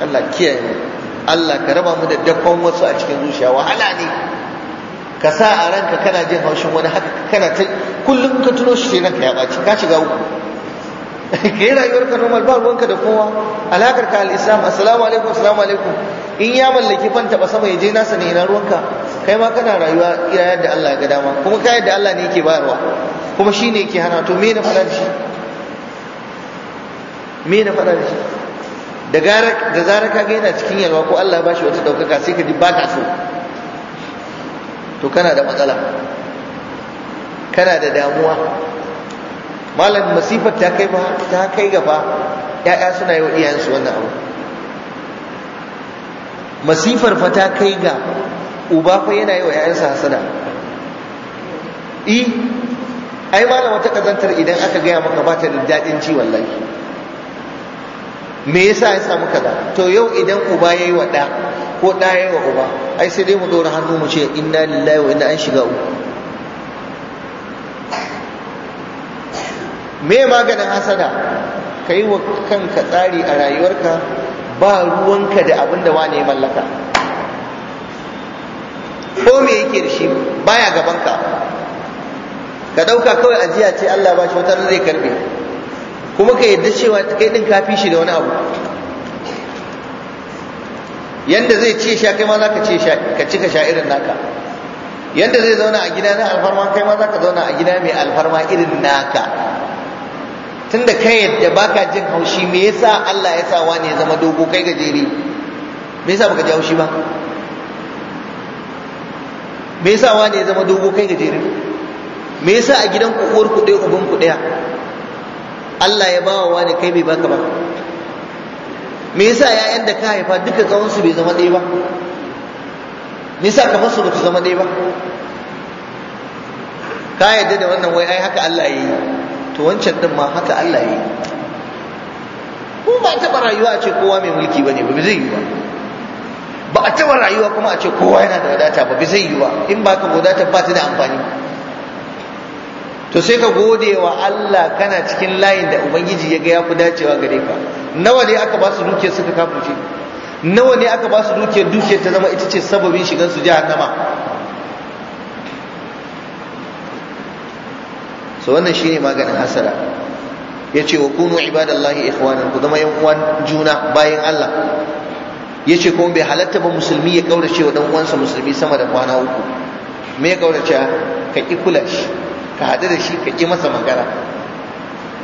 S1: Allah kiyaye mu Allah ka raba mu da dakon wasu a cikin zuciya wahala ne ka sa a ranka kana jin haushin wani haka kana ta kullum ka tuno shi ranka ya baci ka shiga uku ke rayuwar ka normal ba ruwanka da kowa alakar ka al-islam assalamu alaikum assalamu alaikum in ya mallaki ban taba sama ya je nasa ne ina ruwanka kai ma kana rayuwa iya yadda Allah ya ga dama kuma kai yadda Allah ne yake bayarwa kuma shi ne yake hana to me na faɗa da shi me na faɗa da shi da gara da zara ka ga yana cikin yalwa ko Allah ya bashi wata daukaka sai ka ji ba ka so to kana da matsala kana da damuwa malam masifar ta kai ba ta kai gaba ya'ya suna yi wa iyayensu wannan abu masifar fa ta kai ga uba fa yana yi wa ‘ya'yansa hasada i ai malam wata kazantar idan aka gaya maka ba ta da daɗin ci wallahi me yasa ya samu kaza to yau idan uba ya yi wa ɗa ko ɗa ya yi wa uba ai sai dai mu ɗora hannu mu ce inna lillahi wa inna an shiga uku me maganin hasada ka yi wa kanka tsari a rayuwarka ba ruwanka da abin da wane ya mallaka ko me yake da shi baya gabanka ka ɗauka kawai ajiya ce Allah ba shi wata zai karbe kuma ka yadda cewa kai din ka fi shi da wani abu yanda zai ce sha kai ma za ka sha ka cika sha irin naka yanda zai zauna a gida na alfarma kai ma za ka zauna a gida mai alfarma irin naka tunda kai yadda baka jin haushi me yasa Allah ya sa wani ya zama dogo kai gajere me yasa baka ji haushi ba me yasa wani ya zama dogo kai gajere me yasa a gidan ku uwar ku ɗaya uban ku ɗaya Allah ya ba wa wani kai bai baka ba me yasa ƴaƴan da ka haifa duka tsawon su bai zama ɗaya ba me yasa kafar su bata zama ɗaya ba ka yadda da wannan wai ai haka Allah ya yi to wancan din ma haka Allah ya yi ko ba taɓa rayuwa a ce kowa mai mulki ba ne ba zai yi ba ba a taɓa rayuwa kuma a ce kowa yana da wadata ba zai yi ba in ba ka wadata ba ta da amfani to sai ka gode wa Allah kana cikin layin da ubangiji ya ga ya fi dacewa gare ka nawa ne aka ba su duke suka kafuce? nawa ne aka ba su duke duke ta zama ita ce sababin shigar su jahannama so wannan shine maganin hasara yace wa kunu ibadallahi ikhwanan ku zama yan uwan juna bayan Allah yace kuma bai halatta ba musulmi ya kaurace wa dan uwansa musulmi sama da kwana uku me ya kaurace ka ki kula shi ka hadu da shi ka ki masa magana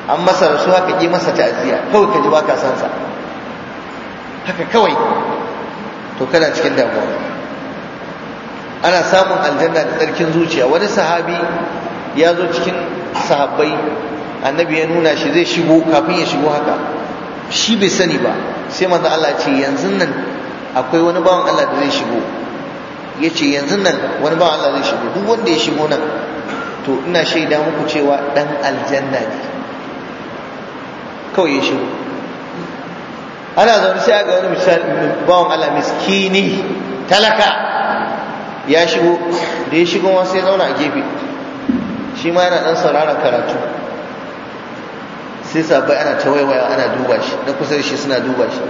S1: an masa rasuwa ka ki masa ta'aziya kawai ka ji baka san sa haka kawai to kana cikin damuwa ana samun aljanna da tsarkin zuciya wani sahabi ya zo cikin sahabbai annabi ya nuna shi zai shigo kafin ya shigo haka shi bai sani ba sai manzo Allah ce yanzu nan akwai wani bawan Allah da zai shigo ya ce yanzu nan wani bawan Allah zai shigo duk wanda ya shigo nan to ina shaida muku cewa dan aljanna ne kawai ya shigo ana zaune sai ga wani bawan Allah miskini talaka ya shigo da ya shigo ma sai zauna a gefe shi ma yana ɗan sauraron karatu sai sabai ana ta waiwaya ana duba shi na kusa da shi suna duba shi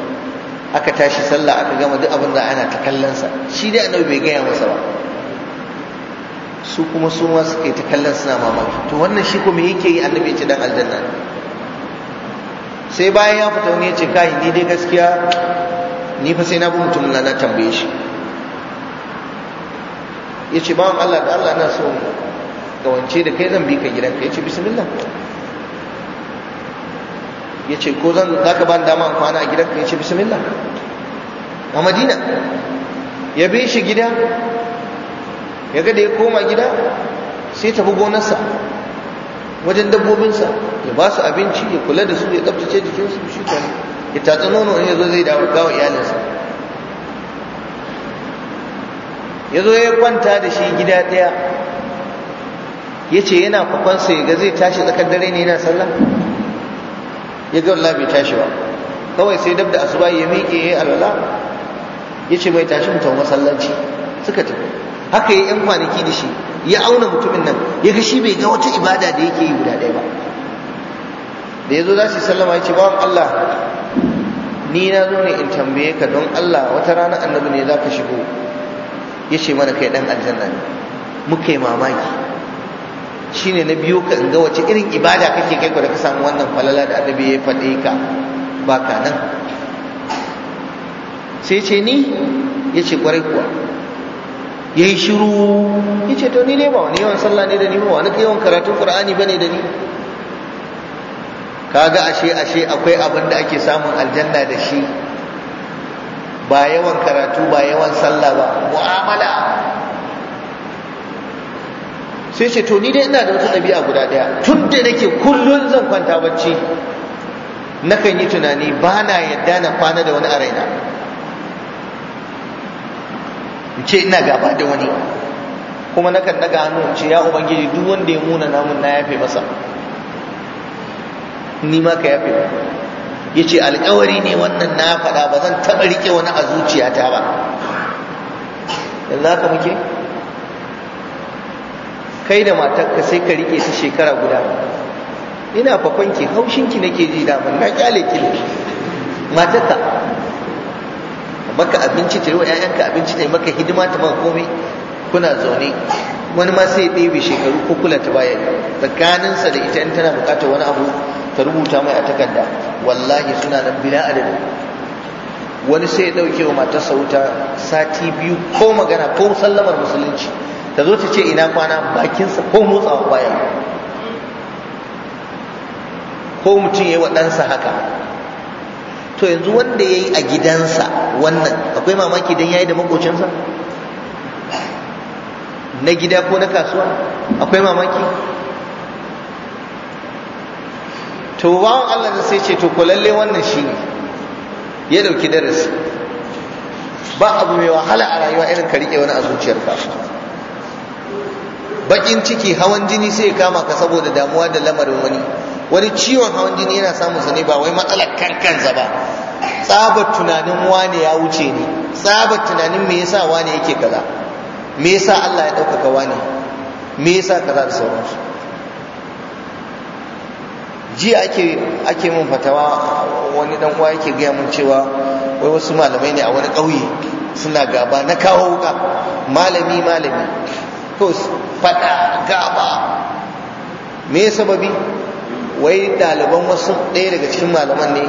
S1: aka tashi sallah aka gama duk abin da ana ta kallonsa shi dai annabi bai gaya masa ba su kuma su ma suka yi ta kallon suna mamaki to wannan shi kuma yake yi annabi ce dan aljanna sai bayan ya fita wani ya ce kai ni dai gaskiya ni fa sai na bi mutumin na tambaye shi ya ce bawan Allah da Allah na so wance da kai zan bi ka gidanka ya ce bismillah ya ce ko zan za ka bani dama kwana a gidanka ya ce bismillah a madina ya bi shi gida ya ga da ya koma gida sai tafi gonarsa wajen dabbobinsa ya ba su abinci ya kula da su ya tsabtace jikinsu shi ta ya tatsi nono in ya zo zai dawo gawa iyalinsa ya zo ya kwanta da shi gida ɗaya ya ce yana kwakwansa ya ga zai tashi tsakar dare ne yana sallah ya ga wallahi bai tashi ba kawai sai dab da asuba ya miƙe ya alwala ya ce bai tashi mutum masallaci suka tafi haka ya yan kwanaki da shi ya auna mutumin nan ya ga shi bai ga wata ibada da yake yi guda ɗaya ba da ya zo za su sallama ya ce bawan Allah ni na zo ne in tambaye ka don Allah wata rana annabi ne za ka shigo ya ce mana kai dan aljanna ne muka yi mamaki shine na biyu ka ga wace irin ibada kake kai ko da ka samu wannan falala da annabi ya faɗe ka ba ka nan sai ce ni ya ce kwarai kuwa ya yi shiru ya ce to ni ne ba wani yawan sallah ne da ni ba wani yawan karatun qur'ani ba ne da ni kaga ashe ashe akwai abin da ake samun aljanna da shi ba yawan karatu ba yawan sallah ba mu'amala sai ce to ni dai ina da wata ɗabi'a guda ɗaya tun da nake kullun zan kwanta bacci nakan yi tunani ba na yadda na kwana da wani a raina in ce ina gaba da wani kuma nakan daga hannu ce ya ubangiji duk wanda ya muna namun na yafe masa ni ma ka yafe ya ce alkawari ne wannan na faɗa ba zan taɓa riƙe wani a zuciyata ba yanzu haka muke kai da matarka sai ka rike ta shekara guda ina fakon ki haushin ki nake ji da na kyale ki ne. matarka maka abinci ta yi wa 'ya'yanka abinci ta yi maka hidima ta ma komai kuna zaune wani ma sai ɗebe shekaru ko kula ta baya tsakaninsa da ita in tana buƙatar wani abu ta rubuta mai a takarda wallahi suna nan bila adadin. wani sai ya ɗauke wa matarsa wuta sati biyu ko magana ko sallamar musulunci ta zo ta ce ina kwana bakinsa ko motsawa baya ko mutum ya yi wa ɗansa haka to yanzu wanda ya yi a gidansa wannan akwai mamaki don ya yi da makocinsa na gida ko na kasuwa akwai mamaki to bawan Allah da sai ce to ko lalle wannan shi ne ya dauki darasi ba abu mai wahala a rayuwa irin ka rike wani a zuciyarka bakin ciki hawan jini sai ya kama ka saboda damuwa da lamarin wani wani ciwon hawan jini yana samun sa ba wai matsalar kan kansa ba tsabar tunanin wane ya wuce ne tsabar tunanin me yasa wane yake kaza me yasa Allah ya ɗaukaka wane me yasa kaza da sauransu ji ake ake mun fatawa wani dan uwa yake gaya mun cewa wai wasu malamai ne a wani ƙauye suna gaba na kawo wuka malami malami kawai faɗa gaba me sababi wai ɗaliban wasu ɗaya daga cikin malaman ne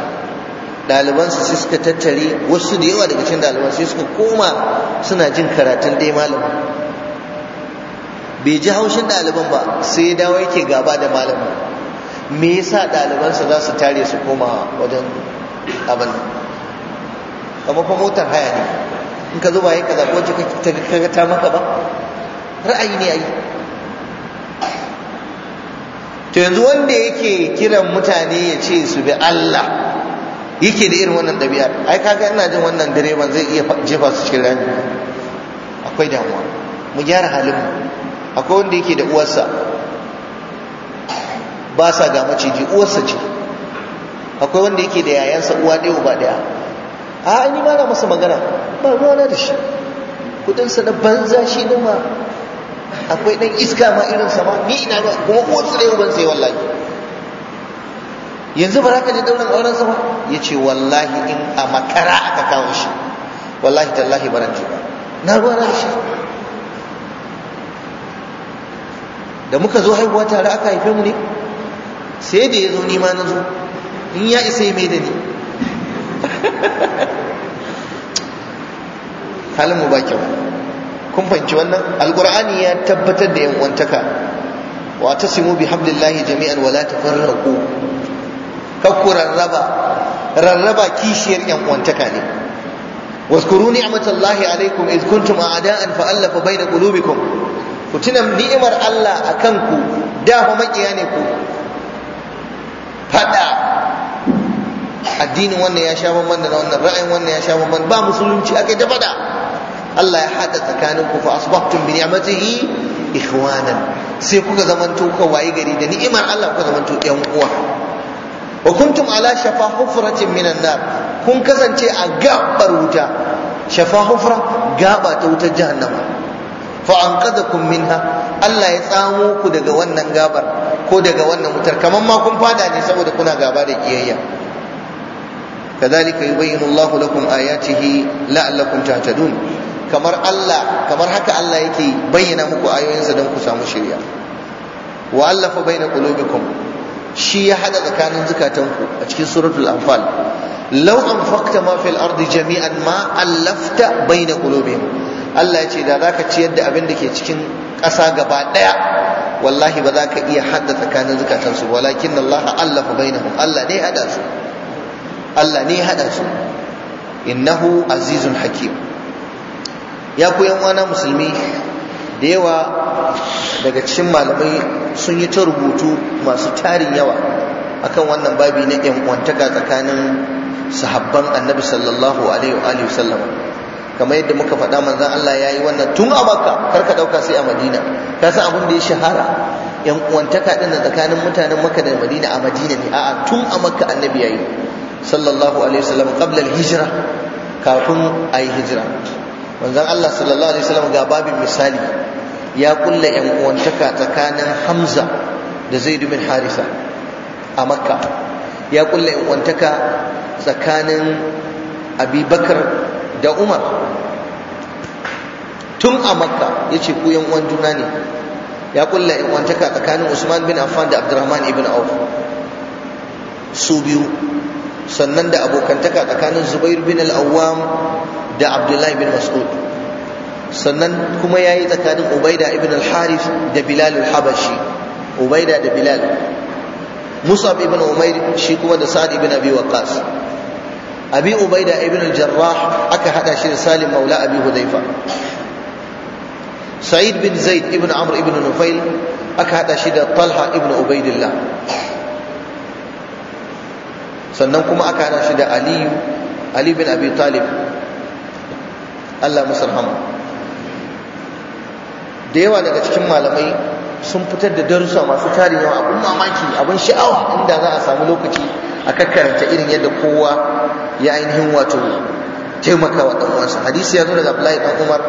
S1: ɗaliban su suka tattare wasu da yawa daga cikin ɗaliban sai suka koma suna jin karatun dai malaman? bai ji haushin ɗaliban ba sai ya dawo yake gaba da malamin me yasa su za su tare su koma wajen abin kamar haya ne in ka zuba yin kaza ko ka ta maka ba ra'ayi ne ai to yanzu wanda yake kiran mutane ya ce su bi Allah yake da irin wannan ɗabi'ar ai kaga ina jin wannan direban zai iya jefa su cikin rani akwai damuwa mu gyara halin mu akwai wanda yake da uwarsa ba sa ga maciji uwarsa ce akwai wanda yake da yayansa uwa ɗaya uba ɗaya a ni ma na masa magana ba na da shi kudinsa na banza shi na ma akwai dan iska ma irin sa ni ina ba kuma ko sa dai ban sai wallahi yanzu ba za ka je daurin auren sa ba yace wallahi in a makara aka kawo shi wallahi tallahi baran ji ba na ruwa da shi da muka zo haihuwa tare aka haife mu ne sai da ya zo ni ma na zo in ya isa ya mai da ni halin mu ba kyau kun fahimci wannan alqur'ani ya tabbatar da yan uwantaka wa tasimu bi jami'an wa la tafarraqu kakku rarraba rarraba kishiyar yan uwantaka ne واذكروا نعمة الله عليكم إذ كنتم أعداء فألف بين قلوبكم كتنا نعمر الله أكنكو داه مجيانكو فدا addinin wannan ya sha bamban da wannan ra'ayin wannan ya sha bamban ba musulunci aka ta fada Allah ya hada tsakanin ku fa asbahtum bi ni'matihi ikhwanan sai kuka zamanto kuka wayi gari da ni'imar Allah kuka zamanto yan uwa wa kuntum ala shafa hufratin minan nar kun kasance a gabar wuta shafa hufra gaba ta wutar jahannama fa anqadakum minha Allah ya tsamo ku daga wannan gabar ko daga wannan wutar kamar ma kun fada ne saboda kuna gaba da kiyayya kadhalika yubayyinu Allahu lakum ayatihi la'allakum tahtadun kamar Allah kamar haka Allah yake bayyana muku ayoyinsa don ku samu shirya wa allafa baina qulubikum shi ya hada tsakanin zukatanku a cikin suratul anfal law anfaqta ma fil ardi jami'an ma allafta baina qulubihim Allah ya ce da zaka ciyar da abin da ke cikin ƙasa gaba daya wallahi ba za ka iya hada tsakanin zukatansu walakin Allah allafa bainahum Allah ne ya hada su Allah ne ya hada su innahu azizun hakim ya ku yan musulmi da yawa daga cikin malamai sun yi ta rubutu masu tarin yawa akan wannan babi na yan uwantaka tsakanin sahabban annabi sallallahu alaihi wa sallam kamar yadda muka faɗa manzan Allah ya yi wannan tun a baka kar ka ɗauka sai a madina ka san abin da ya shahara yan uwantaka ɗin tsakanin mutanen maka da madina a madina ne a'a tun a maka annabi ya yi sallallahu alaihi wasallam kafin a yi hijira manzon Allah sallallahu alaihi wasallam ga babin misali ya kulla yan uwantaka tsakanin Hamza da Zaid bin Harisa a Makka ya kulla yan uwantaka tsakanin Abubakar da Umar tun a Makka yace ku yan uwan juna ne ya kulla yan uwantaka tsakanin Usman bin Affan da Abdurrahman ibn Auf su biyu sannan da abokantaka tsakanin Zubair bin Al-Awwam da abdullahi bin mas'ud sannan kuma ya yi tsakanin ubaida ibn al-harith da bilal al-habashi ubaida da bilal musab ibn umair shi kuma da sa'ad ibn abi waqqas abi ubaida ibn al-jarrah aka hada shi da salim maula abi hudayfa sa'id bin zaid ibn amr ibn nufail aka hada shi da talha ibn ubaidillah sannan kuma aka hada shi da ali ali bin abi talib Allah musu rahama da yawa daga cikin malamai sun fitar da darussa masu tarin yawa abin mamaki abin sha'awa inda za a samu lokaci a kakkaranta irin yadda kowa ya ainihin wato taimaka wa dan uwansa hadisi ya zo daga Abdullahi Ɗan Umar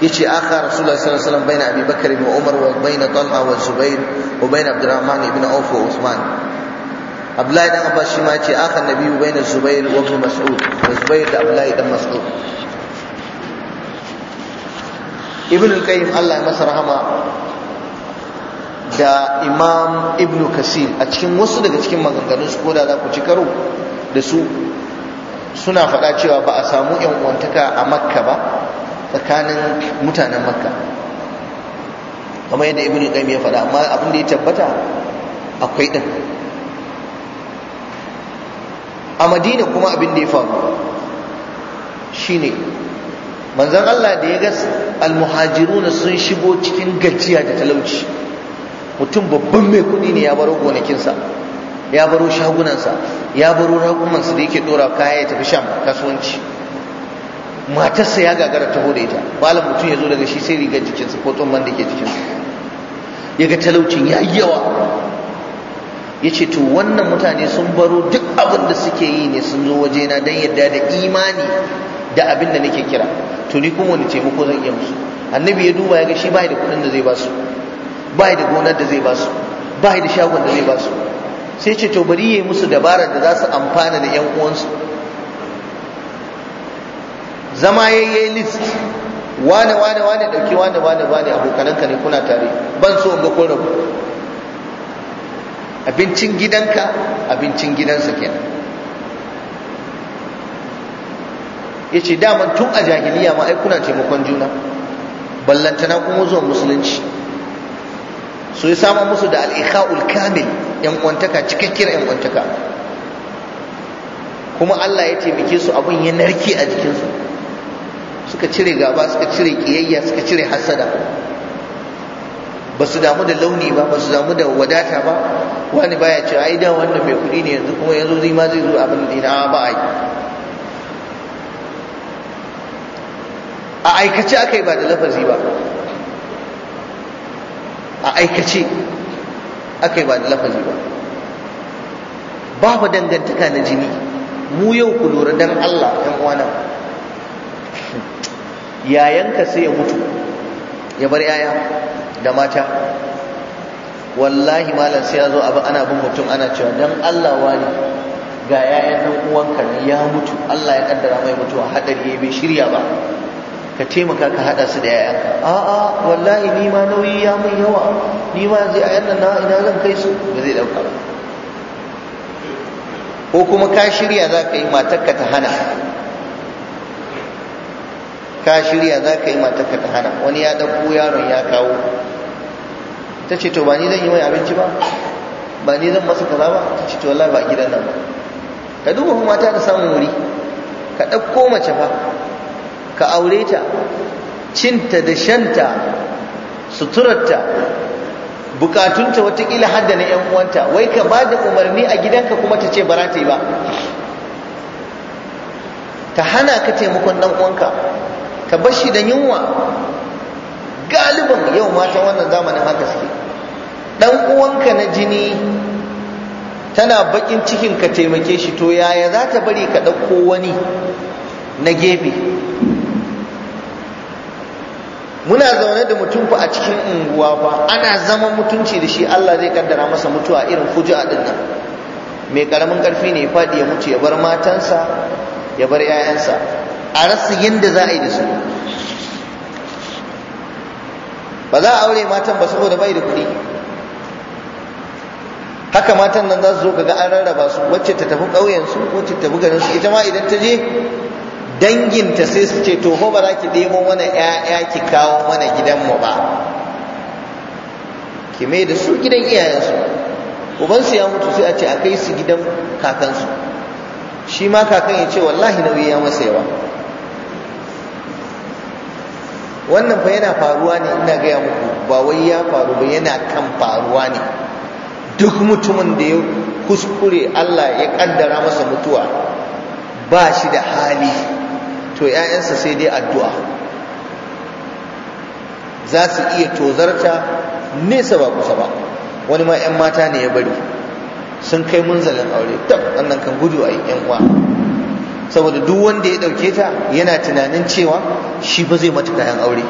S1: yace aka Rasulullah sallallahu alaihi wasallam baina Abi Bakr wa Umar wa baina Talha wa Zubair wa baina Abdurrahman ibn Auf wa Usman, Abdullahi dan Abbas shi ma yace aka Nabi baina Zubair wa Ibn Mas'ud Zubair da Abdullahi dan Mas'ud ibn al-qayyim Allah ya masa rahama da imam ibn kasir a cikin wasu daga cikin maganganun su ko da za ku ci karo da su suna faɗa cewa ba a samu yan uwantaka a makka ba tsakanin mutanen makka kamar yadda ibn qayyim ya faɗa amma abin da ya tabbata akwai din a madina kuma abin da ya faru shine manzon Allah da ya ga almuhajiruna sun shigo cikin gajiya da talauci mutum babban mai kuɗi ne ya baro gonakinsa ya baro shagunansa ya baro raƙumansa da yake ɗora kaya ya tafi sham kasuwanci matarsa ya gagara ta da ita malam mutum ya zo daga shi sai rigar jikinsa ko tsumman da ke jikinsa ya ga talaucin ya yi yawa ya ce to wannan mutane sun baro duk abin da suke yi ne sun zo wajena don yadda da imani da abin da nake kira to ni kuma wani taimako zan iya musu annabi ya duba ya ga shi bai da kuɗin da zai ba su bai da gonar da zai ba su bai da shagon da zai ba su sai ce to bari yi musu dabara da za su amfana da yan uwansu zama yayi list wane wane wane dauki wane wane wane abokananka ne kuna tare ban so ga ko rabu abincin gidanka abincin gidansa kenan ya ce daman tun a jahiliya ma ai kuna taimakon juna ballantana kuma zuwa musulunci Su yi samun musu da al'ikha'ul kamil yan kwantaka cikakkiyar yan kwantaka kuma Allah ya taimake su abin ya narke a jikinsu suka cire gaba suka cire kiyayya suka cire hasada ba su damu da launi ba ba su damu da wadata ba wani baya cewa ai da wannan mai kuɗi ne yanzu kuma yanzu zai ma zai zo abin ina ba a yi a aikace aka yi ba da lafazi ba a aikace aka yi ba da lafazi ba babu dangantaka na jini mu yau ku lura dan Allah ɗan uwana yayanka sai ya mutu ya bar yaya da mata wallahi malam sai ya zo abu ana bin mutum ana cewa dan Allah wani ga yayan uwan uwanka ya mutu Allah ya kaddara mai mutuwa hadari bai shirya ba ka taimaka ka haɗa su da yayan a'a wallahi ni ma nauyi ya mun yawa ni ma zai ayan nan na ina zan kai su ba zai ɗauka ba ko kuma ka shirya za ka yi matarka ta hana ka shirya za ka yi matarka ta hana wani ya ɗauko yaron ya kawo ta ce to ba ni zan yi mai abinci ba ba ni zan masa kaza ba ta ce to wallahi ba gidan nan ba ka duba kuma mata da samun wuri ka ɗauko mace fa ka aure ta cinta da shanta suturarta bukatunta watakila da na yan uwanta wai ka ba da umarni a gidanka kuma ta ce bara ta yi ba ta hana ka taimakon dan uwanka ka bar shi da yunwa galiban yau matan wannan zamanin haka suke uwanka na jini tana bakin cikin ka taimake shi to yaya za ta bari ka ɗauko wani na gefe muna zaune da mutum fa a cikin unguwa fa ana zama mutunci da shi Allah zai kaddara masa mutuwa irin fuji'a din nan mai karamin karfi ne ya faɗi ya mutu ya bar matansa ya bar 'ya'yansa a rasa yadda za a yi da su ba za a aure matan ba saboda bai da kuɗi haka matan nan za su zo ga an rarraba su wacce ta tafi ƙauyen su wacce ta tafi garin su ita ma idan ta je danginta sai su ce to ba za ki demo mana ‘ya'ya ki kawo mana gidanmu ba ki mai da su gidan iyayensu ubansu ya mutu sai a ce a kai su gidan kakansu shi ma kakan ya ce wallahi nauyi ya masa yawa wannan fa yana faruwa ne ina gaya muku ba wai ya faru ba yana kan faruwa ne duk mutumin da ya kuskure Allah ya kaddara masa mutuwa ba shi da hali to ‘ya'yansa sai dai addu'a za su iya tozarta nesa ba kusa ba wani ma ‘yan mata ne ya bari sun kai munzalin aure tab annan kan gudu a ‘yan uwa saboda duk wanda ya ɗauke ta yana tunanin cewa shi ba zai mata kayan aure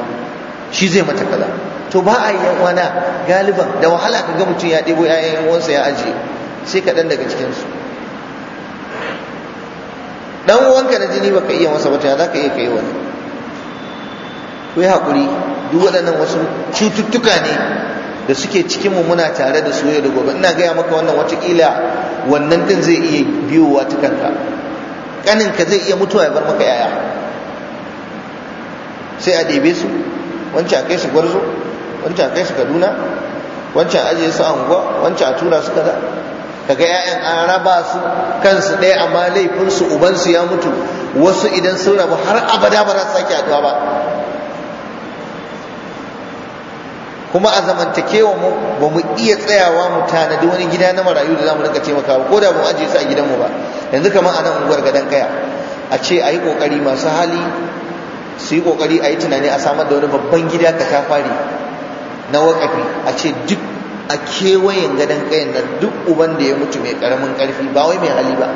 S1: shi zai mata kaza to ba a yi ‘yan na galiban da wahala ka ga mutum ya ɗebo ‘ya'yan uwansa ya ajiye sai kaɗan daga cikinsu dan uwanka na jini baka iya masa wata za ka iya kai wani ku haƙuri duk waɗannan wasu cututtuka ne da suke cikin mu muna tare da soyayya da gobe ina gaya maka wannan watakila wannan din zai iya biyowa ta kanka kaninka zai iya mutuwa ya bar maka yaya sai a ɗebe su wancan a kai su gwarzo wancan a kai su kaduna wancan ajiye su a unguwa, wancan a tura su kaza kaga 'ya'yan an raba su kansu ɗaya amma laifinsu ubansu ya mutu wasu idan sun rabu har abada ba za su sake haɗuwa ba kuma a zamantakewa mu ba mu iya tsayawa mu tanadi wani gida na marayu da za mu rinka taimaka ba ko da mu ajiye su a gidanmu ba yanzu kamar a nan unguwar gadon kaya a ce a yi kokari masu hali su yi kokari a yi tunani a samar da wani babban gida ka ta fari na wakafi a ce duk a kewayen gadon kayan nan duk uban da ya mutu mai karamin karfi ba wai mai hali ba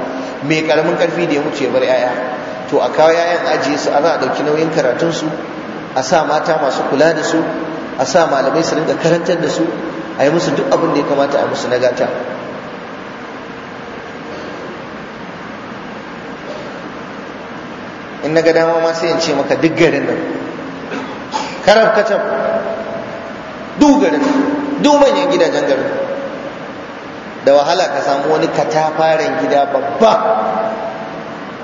S1: mai karamin karfi da ya mutu ya bar yaya to a kawo yayan ajiye su ana dauki nauyin karatun su a sa mata masu kula da su a sa malamai su rinka karantar da su a yi musu duk abin da ya kamata a musu na gata in na ga dama ma sai in ce maka duk garin nan karab kacab duk garin duk manyan gidajen garin da wahala ka samu wani katafaren gida babba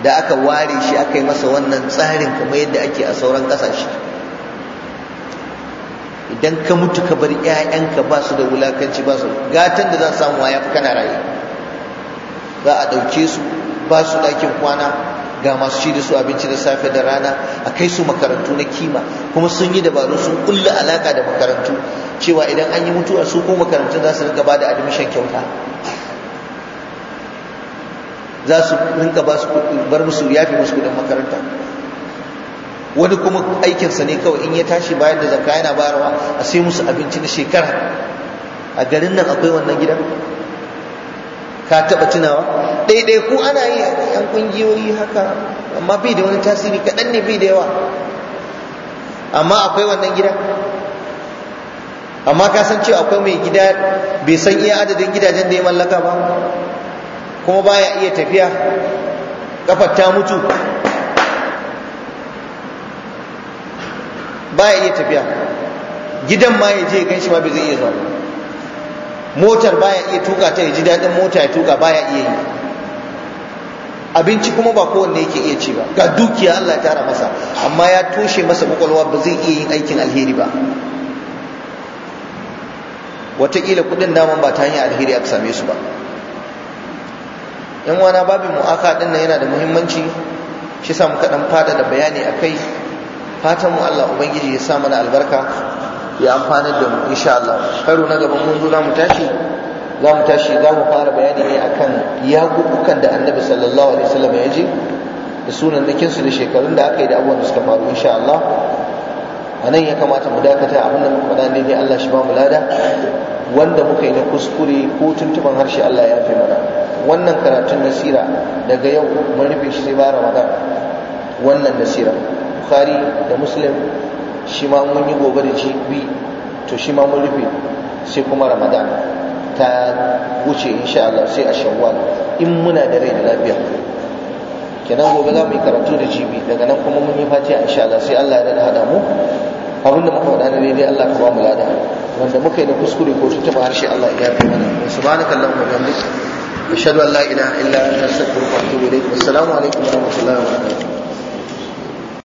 S1: da aka ware shi aka yi masa wannan tsarin kamar yadda ake a sauran ƙasashe idan ka mutu ka bar 'ya'yanka ba su da wulakanci ba su gatan da za samu ya fi kana raye za a ɗauke su ba su ɗakin kwana ga masu ci da su abinci da safe da rana a kai su makarantu na kima kuma sun yi dabaru sun kulla alaka da makarantu cewa idan an yi mutuwa su ko makarantun za su rinka ba da admission kyauta za su rinka ba su bar musu yafi musu kudin makaranta wani kuma aikinsa ne kawai in ya tashi bayan da zakka yana bayarwa a sai musu abinci na shekara a garin nan akwai wannan gidan ka taɓa tunawa ɗaiɗai ku ana yi yan ƙungiyoyi haka amma bai da wani tasiri kaɗan ne bai da yawa amma akwai wannan gida amma ka san cewa akwai mai gida bai san iya adadin gidajen da ya mallaka ba kuma baya iya tafiya kafar ta mutu baya iya tafiya gidan ma ya je gan shi ma bai zai iya zuwa motar baya iya tuka ta ya ji daɗin mota ya tuka baya iya yi abinci kuma ba kowanne yake iya ci ba ga dukiya Allah ya tara masa amma ya toshe masa kwakwalwa ba zai iya yin aikin alheri ba wataƙila kuɗin naman ba ta hanyar alheri aka same su ba yan wana babin mu'aka ɗin nan yana da muhimmanci shi sa muka ɗan fada da bayani a kai fatan mu Allah ubangiji ya sa mana albarka ya amfana da mu insha Allah karo na gaban mun zo za mu tashi za mu tashi za mu fara bayani ne akan yaƙuƙukan da annabi sallallahu alaihi wasallam ya ji da sunan su da shekarun da aka yi da abubuwan da suka faru insha Allah a nan ya kamata mu dakata abin da muka faɗa ne Allah shi ba mu lada wanda muka yi na kuskure ko tuntuban harshe Allah ya fi mana wannan karatun nasira daga yau mun rufe shi sai ba Ramadan wannan nasira Bukhari da Muslim shi ma mun yi gobe da jibi to shi ma mun rufe sai kuma ramadan ta wuce insha Allah sai a shawwal in muna da rai da lafiya kenan gobe za mu yi karatu da jibi daga nan kuma mun yi fatiha insha Allah sai Allah ya hada mu abin da muka wadana ne dai Allah ka ba mu lada wanda muka yi da kuskure ko tuntuɓa harshe Allah ya fi mana subhanakallahu wa bihamdika ashhadu an la ilaha illa anta astaghfiruka wa atubu ilayk assalamu alaikum wa rahmatullahi wa barakatuh